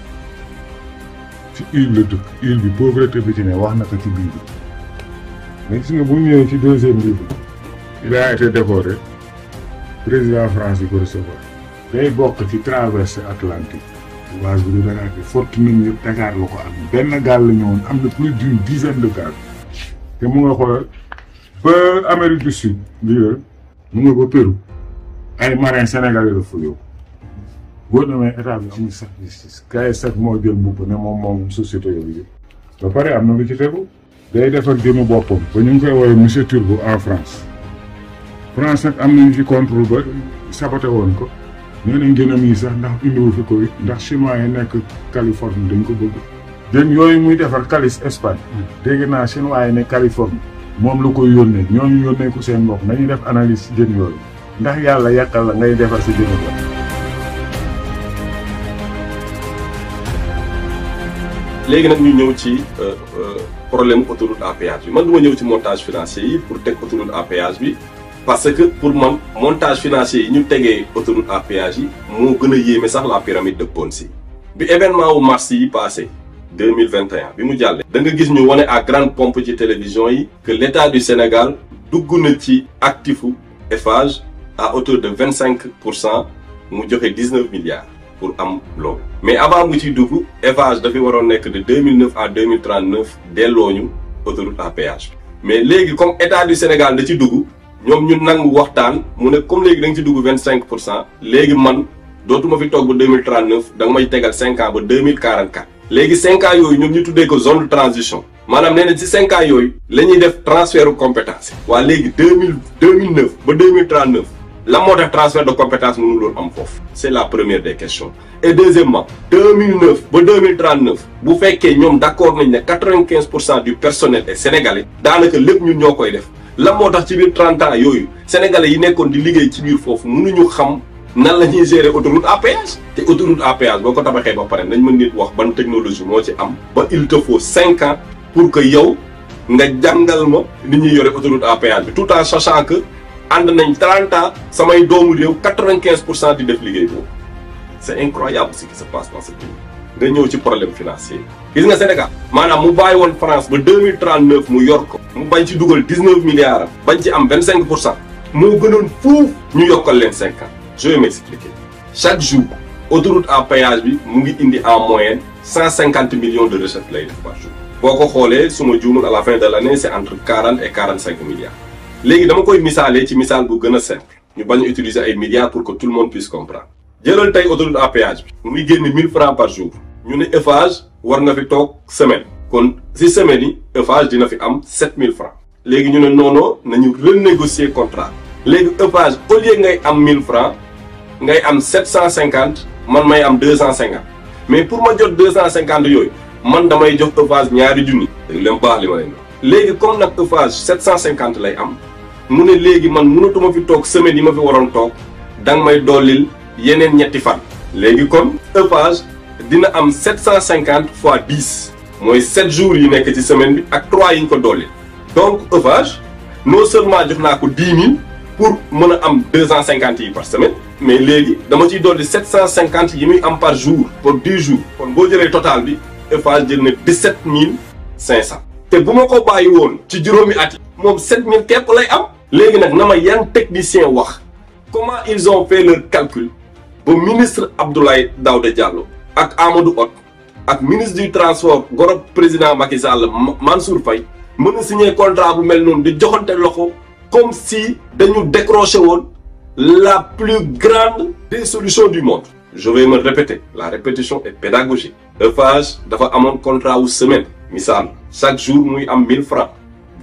ci île bi pauvreté bi ci ne wax na ko ci biir bi mais gis nga ci deuxième livre il a été décoré président France bi ko day bokk ci traversé Atlantique voyage bi du dara bi fott la ko am benn gàll moom am na plus d'une dizaine de gaal te mu nga xoolal ba Amérique du Sud mu nga ba Pérou ay marins sénégalais la fa yóbbu boo demee état bi amul sax justice KSF moo jël mbubb ne moom moom société yooyu yëpp ba pare am na lu ci tegu day defar jëmu boppam ba ñu ngi koy woowee monsieur Turbo en France France nag am nañu ci contrôle ba saboté woon ko nee nañ gënam yi sax ndax indiwu fi ko ndax chinois yi nekk Californie dañ ko bëgg jën yooyu muy defar calis Espagne dégg naa chinois yi ne Californie moom lu koy yónnee ñooñu yónnee ko seen bopp nañu def analyse jën yooyu ndax yàlla yàqal la ngay defar si biir ko léegi nag ñu ñëw ci euh, euh, problème autoroute à péage bi man du ñëw ci montage financier yi pour teg autoroute à bi parce que pour man montage financier yi ñu tegee autoroute à yi moo gën a yéeme sax la pyramide de si bi événement wu mars yi passé 2021 bi mu jàllee da nga gis ñu wane à grande pompe ci télévision yi que l' état du Sénégal dugg na ci actifu Eiffage à hauteur de vingt cinq pour cent mu joxe dix neuf milliards pour am loolu. mais avant mu ciy dugg Eiffage dafi waroon nekk de deux mille neuf à deux mille trente neuf delloo ñu autoroute à péage mais léegi comme état du Sénégal da ci dugg ñoom ñu nangu waxtaan mu ne comme léegi da ci dugg vingt cinq pour cent léegi man dootuma fi toog ba deux mille trente neuf da nga may tegal cinq ans ba deux mille quarante quatre. léegi cinq ans yooyu ñoom ñu tuddee ko zone de transition maanaam nee na ci cinq ans yooyu la ñuy def transfert compétence waa léegi deux mille deux mille neuf ba deux mille lan moo tax transfert de compétence mënu loolu am foofu c' est la première des questions et deuxièmement 2009 ba bu fekkee ñoom d' accord nañ ne 95 pour cent du personnel est sénégalais daanaka lépp ñun ñoo koy def lan moo tax ci biir 30 yooyu sénégalais yi nekkoon di liggéey ci biir foofu mënuñu xam ñu xam na gérer autoroute à péage te autoroute à péage boo ko tabaxee ba pare nañ mën nit wax ban technologie moo ci am ba il te faut 5 ans pour que yow nga jàngal ma ni ñuy yore autoroute à péage bi tout en ànd nañ 30 samay doomu réew 95 pour cent di def liggéey boobu c' est incroyable ce qui se passe dans ce pays nga ñëw ci problème financier gis nga Sénégal maanaam mu bàyyi woon France ba 2039 mu yor ko mu bañ ci dugal 19 milliards bañ ci am 25 pour cent moo gënoon fuuf ñu yokkal leen 5 ans je vais m' expliquer chaque jour autoroute à péage bi mu ngi indi en moyenne 150 millions de recettes lay def boo ko xoolee su ma juumul à la fin de l' année entre et milliards. léegi dama koy misaalee ci misaal bu gën a simple ñu bañ a utiliser ay milliards pour que tout le monde puisse comprendre jëlal tey autoroute à péage bi muy génn 1000 francs par jour ñu ne Eiffage war na fi toog semaine kon si semaine yi Eiffage dina fi am mille francs léegi ñu ne noonoo nañu renégocier contrat léegi Eiffage au ngay am mille francs ngay am cinquante man may am 250 mais pour ma jot cinquante yooyu man damay jox Eiffage ñaari junni. léegi leen baax li ma leen léegi comme nag lay am. mu ne léegi man mënatuma fi toog semaine yi ma fi waroon toog danga may dollil yeneen ñetti fan. léegi kon Eiffage dina am cent cinquante fois dix mooy 7 jours yi nekk ci semaine bi ak 3 yi ñu ko dollil donc Eiffage noo seulement jox naa ko dix 000 pour mën a am 250 yi par semaine mais léegi dama ciy dolli 750 yi muy am par jour pour 10 jour kon boo jëlee total bi Eiffage jël na cinq cent te bu ma ko bàyyi woon ci juróomi at yi moom 7000 képp lay am. léegi nag na ma yan technicien wax comment ils ont fait leur calcul ba ministre Abdoulaye Daouda Diallo ak Amadou Hott ak ministre du transport gorob président Macky Sall Mansour Faye mën a signer contrat bu mel noonu di joxante loxo comme si dañu décroché woon la plus grande des solutions du monde je vais me la répétition est pédagogique Eiffage dafa amoon contrat wu semaine misaal chaque jour muy am 1000 francs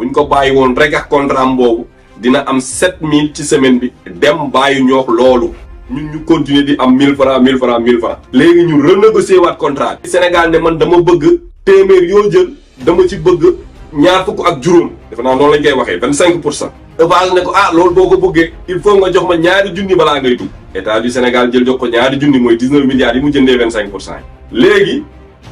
ñu ko bàyyi woon rek ak contrat am boobu dina am 7000 ci semaine bi dem bàyyi ñoox loolu ñun ñu continuer di am 1000 francs mille francs 1000 francs léegi ñu renégocier waat contrat bi. Sénégal ne man dama bëgg téeméer yoo jël dama ci bëgg ñaar fukk ak juróom defe naa noonu lañ koy waxee cinq pour cent. Eupage ne ko ah loolu boo ko bëggee il faut nga jox ma ñaari junni balaa ngay dugg état du Sénégal jël jox ko ñaari junni mooy 19 milliards yi mu jëndee 25 pour cent yi. léegi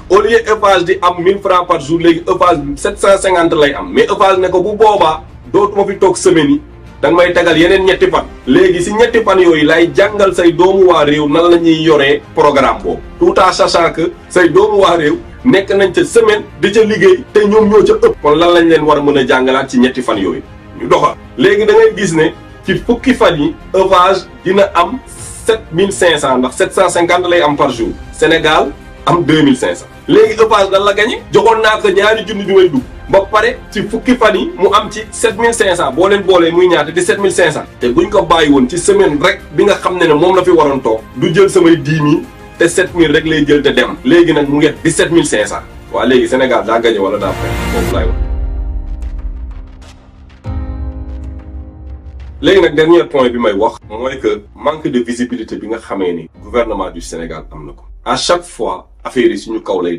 au lieu Eupage di am 1000 francs par jour léegi Eupage 750 lay am mais Eupage ne ko bu boobaa. dootuma fi toog semaine yi danga may tegal yeneen ñetti fan léegi si ñetti fan yooyu lay jàngal say doomu waa réew nan la ñuy yoree programme boobu tout en sachant que say doomu waa réew nekk nañ ca semaine di ca liggéey te ñoom ñoo ca ëpp kon lan lañ leen war a mën a jàngalaat ci ñetti fan yooyu ñu doxal léegi da ngay gis ne ci fukki fan yi Eiffage dina am 7500 ndax 750 lay am par jour Sénégal am 2500 léegi Eiffage lan la gañe joxoon naa sa ñaari junni bi may ba pare ci fukki fan yi mu am ci 7500 boo leen boolee muy ñaata di 7500 te buñ ko bàyyi woon ci semaine rek bi nga xam ne ne moom la fi waroon toog du jël samay 10 000 te 7000 rek lay jël te dem léegi nag mu ngi di 7500 waa léegi Sénégal daa gañe wala daa fay foofu laay wax. léegi nag dernier point bi may wax mooy que manque de visibilité bi nga xamee ni gouvernement du Sénégal am na ko à chaque fois affaire suñu kaw lay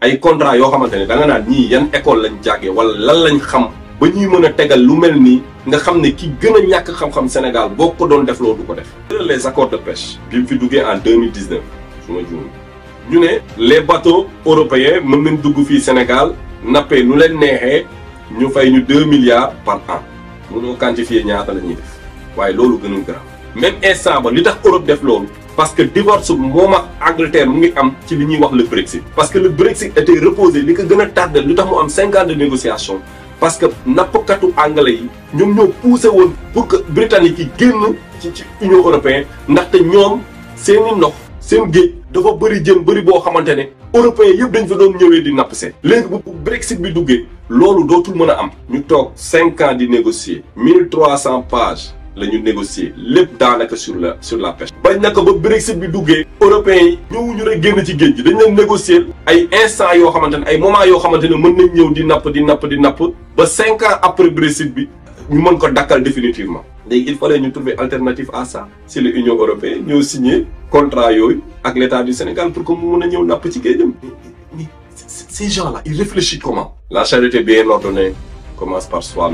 ay contrat yoo xamante ne da nga naan ñii yan école lañ jàggee wala lan lañ xam ba ñuy mën a tegal lu mel nii nga xam ne ki gën a ñàkk xam-xam Sénégal boo ko doon def loolu du ko def. les accords de pêche bi fi duggee en deux mille dix neuf su ma ñu ne les bateaux européens mën nañ dugg fii Sénégal nappee nu leen neexee ñu fay ñu deux milliards par an mënoo quantifier ñaata la def waaye loolu gënul garaaw même instant ba li tax Europe def loolu. parce que divorce moom ak Angleterre mu ngi am ci li ñuy wax le Brexit. parce que le Brexit était reposé li ko gën a tardé lu tax mu am cinq ans de négociation parce que nappkatu anglais yi ñoom ñoo poussé woon pour que britannique yi génn ci ci union européenne ndaxte ñoom seeni ndox seen géej dafa bëri jëm bëri boo xamante ne européens yëpp dañ fa doon ñëwee di napp see. léegi bu Brexit bi duggee loolu dootul mën a am. ñu toog cinquante ans di négocier mille cent pages. la ñu négocier lépp daanaka sur la sur la pêche. bañ na ko ba Brexit bi duggee. européens yi ñëwuñu rek génn ci géej gi dañ leen négocier ay instant yoo xamante ne ay moment yoo xamante ne mën nañ ñëw di napp di napp di napp ba cinq ans après Brexit bi ñu mën ko dakkal définitivement. léegi il fallait ñu trouver alternative à ça si la Union européenne ñoo signé contrat yooyu ak l' état du Sénégal pour que mu mën a ñëw napp ci géejam. mais ces gens là ils réfléchissent comment. la charité bien ordonnée commence par soi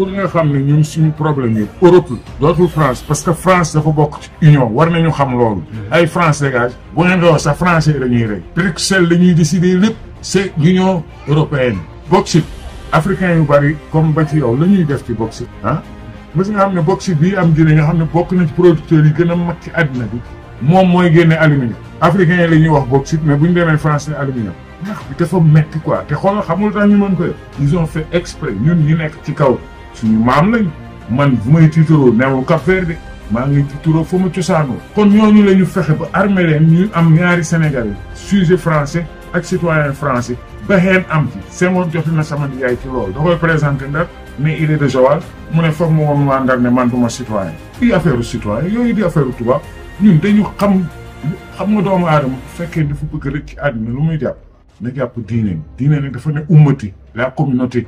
pour nga xam ne ñun suñu problème yi Europe la dootul France parce que France dafa bokk ci union war nañu xam loolu ay France dégage bu ngeen doon sax français dañuy rey Bruxelles la ñuy décider lépp c'est l'union européenne Brexit africain yu bari comme ba ci yow la ñuy def ci Brexit ah mës nga xam ne Brexit bii am jëlee nga xam ne bokk na ci producteurs yi gën a mag ci àddina bi moom mooy génne aluminium africain yi la ñuy wax Brexit mais bu ñu demee France ne aluminium ndax bi dafa metti quoi te xoolal xamul tax ñu mën ko def ils ont fait exprès ñun ñu nekk ci kaw suñu maam lañ man bu may tiitaroo neewul Cap Vert de maa ngi tiitaroo fa ma cosaanoo kon ñooñu la ñu fexe ba armé leen ñu am ñaari sénégalais sujet français ak citoyen français ba xeen am ci Senghor joxe na sama yaay ci loolu da koy présenté Ndar ne ile de Joal mu ne foog mu woon waa Ndar ne man du ma citoyen di affaire citoyen yooyu di affaire tubaab ñun dañu xam xam nga doomu aadama bu fekkee dafa bëgg rek ci àddina lu muy jàpp na jàpp diine dafa ne ummati la communauté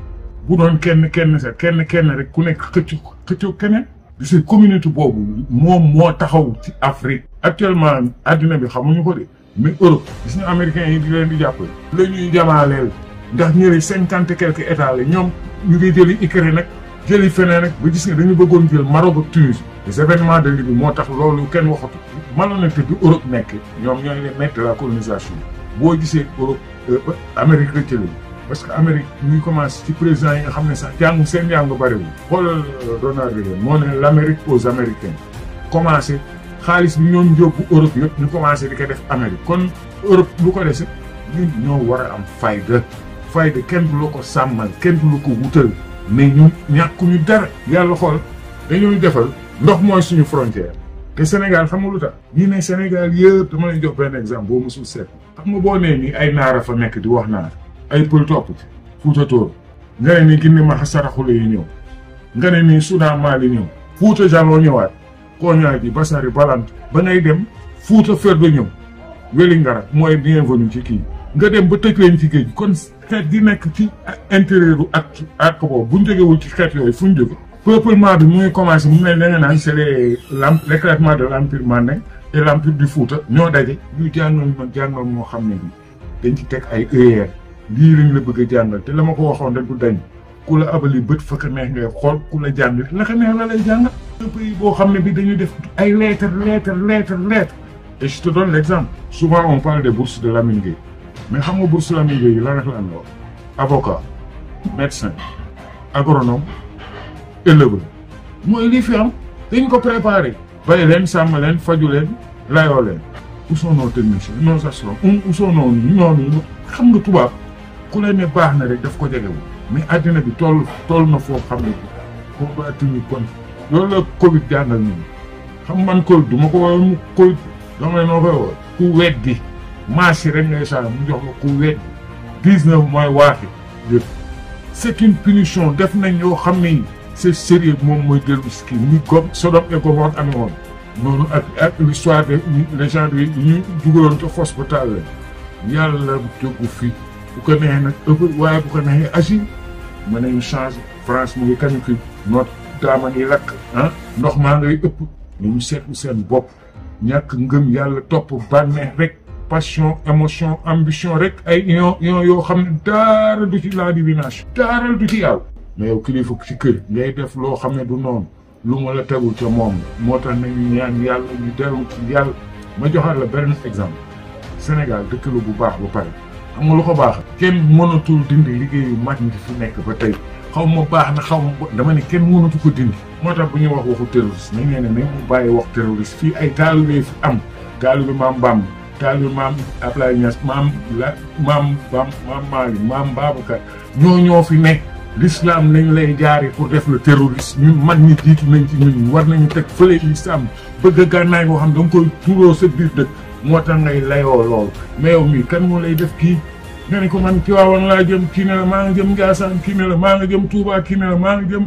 bu doon kenn kenn sa kenn kenn rek ku nekk xëccu xëccu keneen. parce que communauté boobu moom moo taxaw ci Afrique. actuellement addina bi xam xamuñu ko de mais Europe gis ñu américains yi di leen di jàppale. la ñuy jamaaleel ndax ñëwee cinquante quelques états la ñoom ñu ngi jëli Ukraine nag jëli feneen nag ba gis nga dañu bëggoon jël Maroc ak Tunisie. les événements bi moo tax loolu kenn waxatu mënoon na tëdd Europe nekk ñoom ñooy les maîtres de la colonisation boo gisee Europe euh, Amérique la jëlee. parce que Amérique ñu commencé ci président yi nga xam ne sax jàngu seen jàngu bariwul xoolal Ronald Reagan moo ne l' Amérique aux Américains commencé xaalis bi ñoom yóbbu Europe yëpp ñu commencé di ko def Amérique kon Europe lu ko dese ñun ñoo war a am fayda fayda kenn du la ko sàmmal kenn du la ko wutal mais ñu ñu dara yàlla xool dañuy defal ndox mooy suñu frontière te Sénégal xam nga lu tax ñi ne Sénégal yëpp dama lay jox benn exemple boo mosul seet nga boo nee ay naara fa nekk di wax naar ay pël topp Fuuta Tóor nga ne ni Gine Maxa Saraxule yi ñëw nga ne ni Sudan Mali ñëw Fuuta Jaloo ñëwaat Koñaa ji Basari Balant ba ngay dem Fuuta Ferdo ñëw Welingara mooy bienvenu ci kii nga dem ba tëj leen ci géej kon xeet di nekk ci intérieur ak ak boobu bu ñu jógewul ci xeet yooyu fu ñu jóge peuplement bi mu ngi commencé mu ne da nga naan c'est les l' l'éclatement de l'empire Mandé et fuuta ñoo daje ñu jàngal ma jàngal moo xam ne bi dañ ci teg ay lii lañ la bëgg a jàngal te la ma ko waxoon rek du dañ ku la abali bët fa ka ngay xool ku la jàngal la ka la lay jàngal. pays boo xam ne bi dañu def ay lettres lettres lettres lettres. et je te donne l' souvent on parle des bourses de Lamine Gueye mais xam nga bourses Lamine Gueye yi lan rek la am wax avocat médecin agronome éleveur mooy lii fi am dañ ko préparé. bay leen sàmm leen faju leen layoo leen. où sont nos techniciens nos assureurs où sont nos xam nga tubaab. ku la baax na rek daf ko jegewul mais àddina bi toll toll na foo xam ne combattuñu kon loolu la Covid jàngal ñun xam man Covid du ma ko woowee mu Covid dama ma ku weddi marché rek ngay saa mu jox la ku weddi dix-neuf mooy waaxi yëpp c'est une punition def nañ yoo xam ne c'est sérieux moom mooy dellu si kii muy gob Sodome et Gomorrhe amee noonu ak ak l'histoire de les gens ñu dugaloon ca fosse ba taal la yàlla jógu fii bu ko neexee nag ëpp waaye bu ko neexee agir mën nañu change France mu ngi canicule noot daama ngi lakk ah ndox maa ngay ëpp ñu seetlu seen bopp ñàkk ngëm yàlla topp bànneex rek passion émotion ambition rek ay union union yoo xam ne daara du ci laa divination daara du ci yàlla mais yow kilifa ci kër ngay def loo xam ne du noonu lu ma la tegul ca moom la moo tax nañu ñaan yàlla ñu dellu ci yàlla ma joxal la benn exemple Sénégal dëkk la bu baax ba pare xam nga lu ko baax kenn mënatul dindi liggéeyu mag ñi su nekk ba tey xaw ma baax na xaw ma dama ne kenn mënatu ko dindi moo tax bu ñuy wax waxu terroriste nañ leen ne nañ mu bàyyi wax terroriste fii ay taalibe fi am taalibe maam Bamb taalibe maam Ablaye Niass maam la maam Bam maam Mali maam Babacar ñoo ñoo fi nekk l'islam nañ lay jaare pour def le terrorisme ñun mag ñi jiitu nañ ci ñun war nañu teg fële l'islam bëgg a gànnaay boo xam da nga koy tuuroo sa moo tax ngay layoo lool mais yow mii kan moo lay def kii nga ne ko man Tiwaawan laa jëm kii na la maa nga jëm Njaasaan kii ne la maa nga jëm Touba kii na la maa nga jëm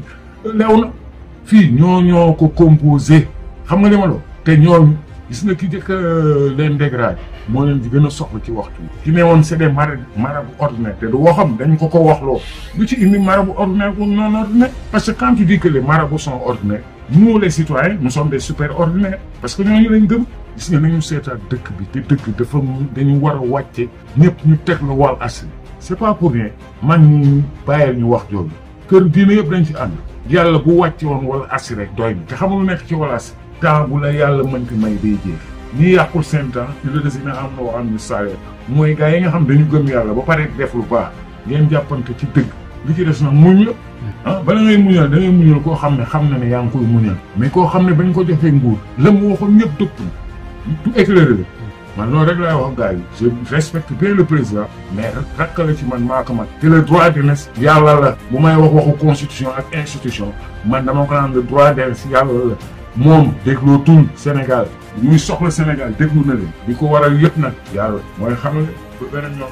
lew na fii ñoo ñoo ko composé xam nga li ma la te ñooñu gis nga ki njëkk euh, leen dégradé moo leen di gën a soxla ci waxtu ki ne woon c'est des mara bu ordinaire te du waxam dañ ko ko wax waxloo lu ci indi marabu ordinaire ou non ordinaire parce que quand di dis que les marabouts sont ordinaires nous les citoyens nous sommes des super ordinaires parce que ñooñu lañ gëm gis nga nañu seetaat dëkk bi te dëkk dafa dañu war a wàcce ñëpp ñu teg la wal assi c'est pas pour rien man ñu bàyyil ñu wax jooju kër diine yëpp dañ ci ànd yàlla bu wàcce woon wal assi rek doy na te xamul nekk ci wala assi temps bu la yàlla mënti may day jeex ñii yàqul seen temps ñu la des na am na wax am ñu saaree mooy gars yi nga xam dañu gëm yàlla ba pare def lu baax ngeen jàppante ci dëgg li ci des nag muñ la ah bala ngay muñal da ngay muñal koo xam ne xam na ne yaa ngi koy mais koo xam ne bañ ko joxee nguur la mu waxoon ñëpp dëpp du éclaireur man loolu rek laay wax gars yi je respecte bien le président mais rakk la ci man maa ko mag te le droit d'aînesse yàlla la bu may wax waxu constitution ak institution man dama ko naan le droit d'aînesse yàlla la moom dégloo tul Sénégal ñuy soxla Sénégal déglu na leen di ko waral yëpp na yàlla mooy xam nga beneen ñoom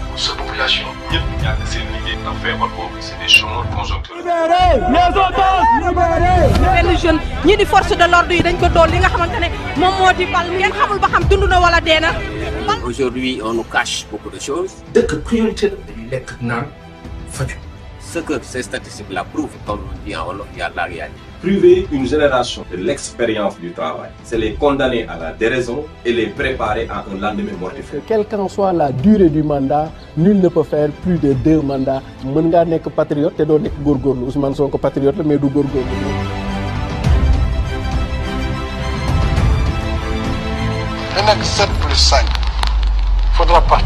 sa population ñëpp ñàkk seen liggéey ndax feebar boobu c'est des chômeurs conjoncturels. libérez les otages libérez. benn jeune ñii di force de l'ordre yi dañ ko doon li nga xamante ne moom moo di bal ngeen xamul ba xam dund na wala dee na. aujourd'hui on nous cache beaucoup de choses. dëkk priorité la. dañuy lekk naan faju. ce que ces statistiques la prouvent comme on dit en wolof y a la réalité. priver une génération de l'expérience du travail, c'est les condamner à la déraison et les préparer à un lendemain mortifère. Quelle soit la durée du mandat, nul ne peut faire plus de deux mandats. mën ngaa nekk patriote te doo nekk góorgóorlu Ousmane Sonko patriote la mais du góorgóorlu. da nekk sept plus cinq faudra pas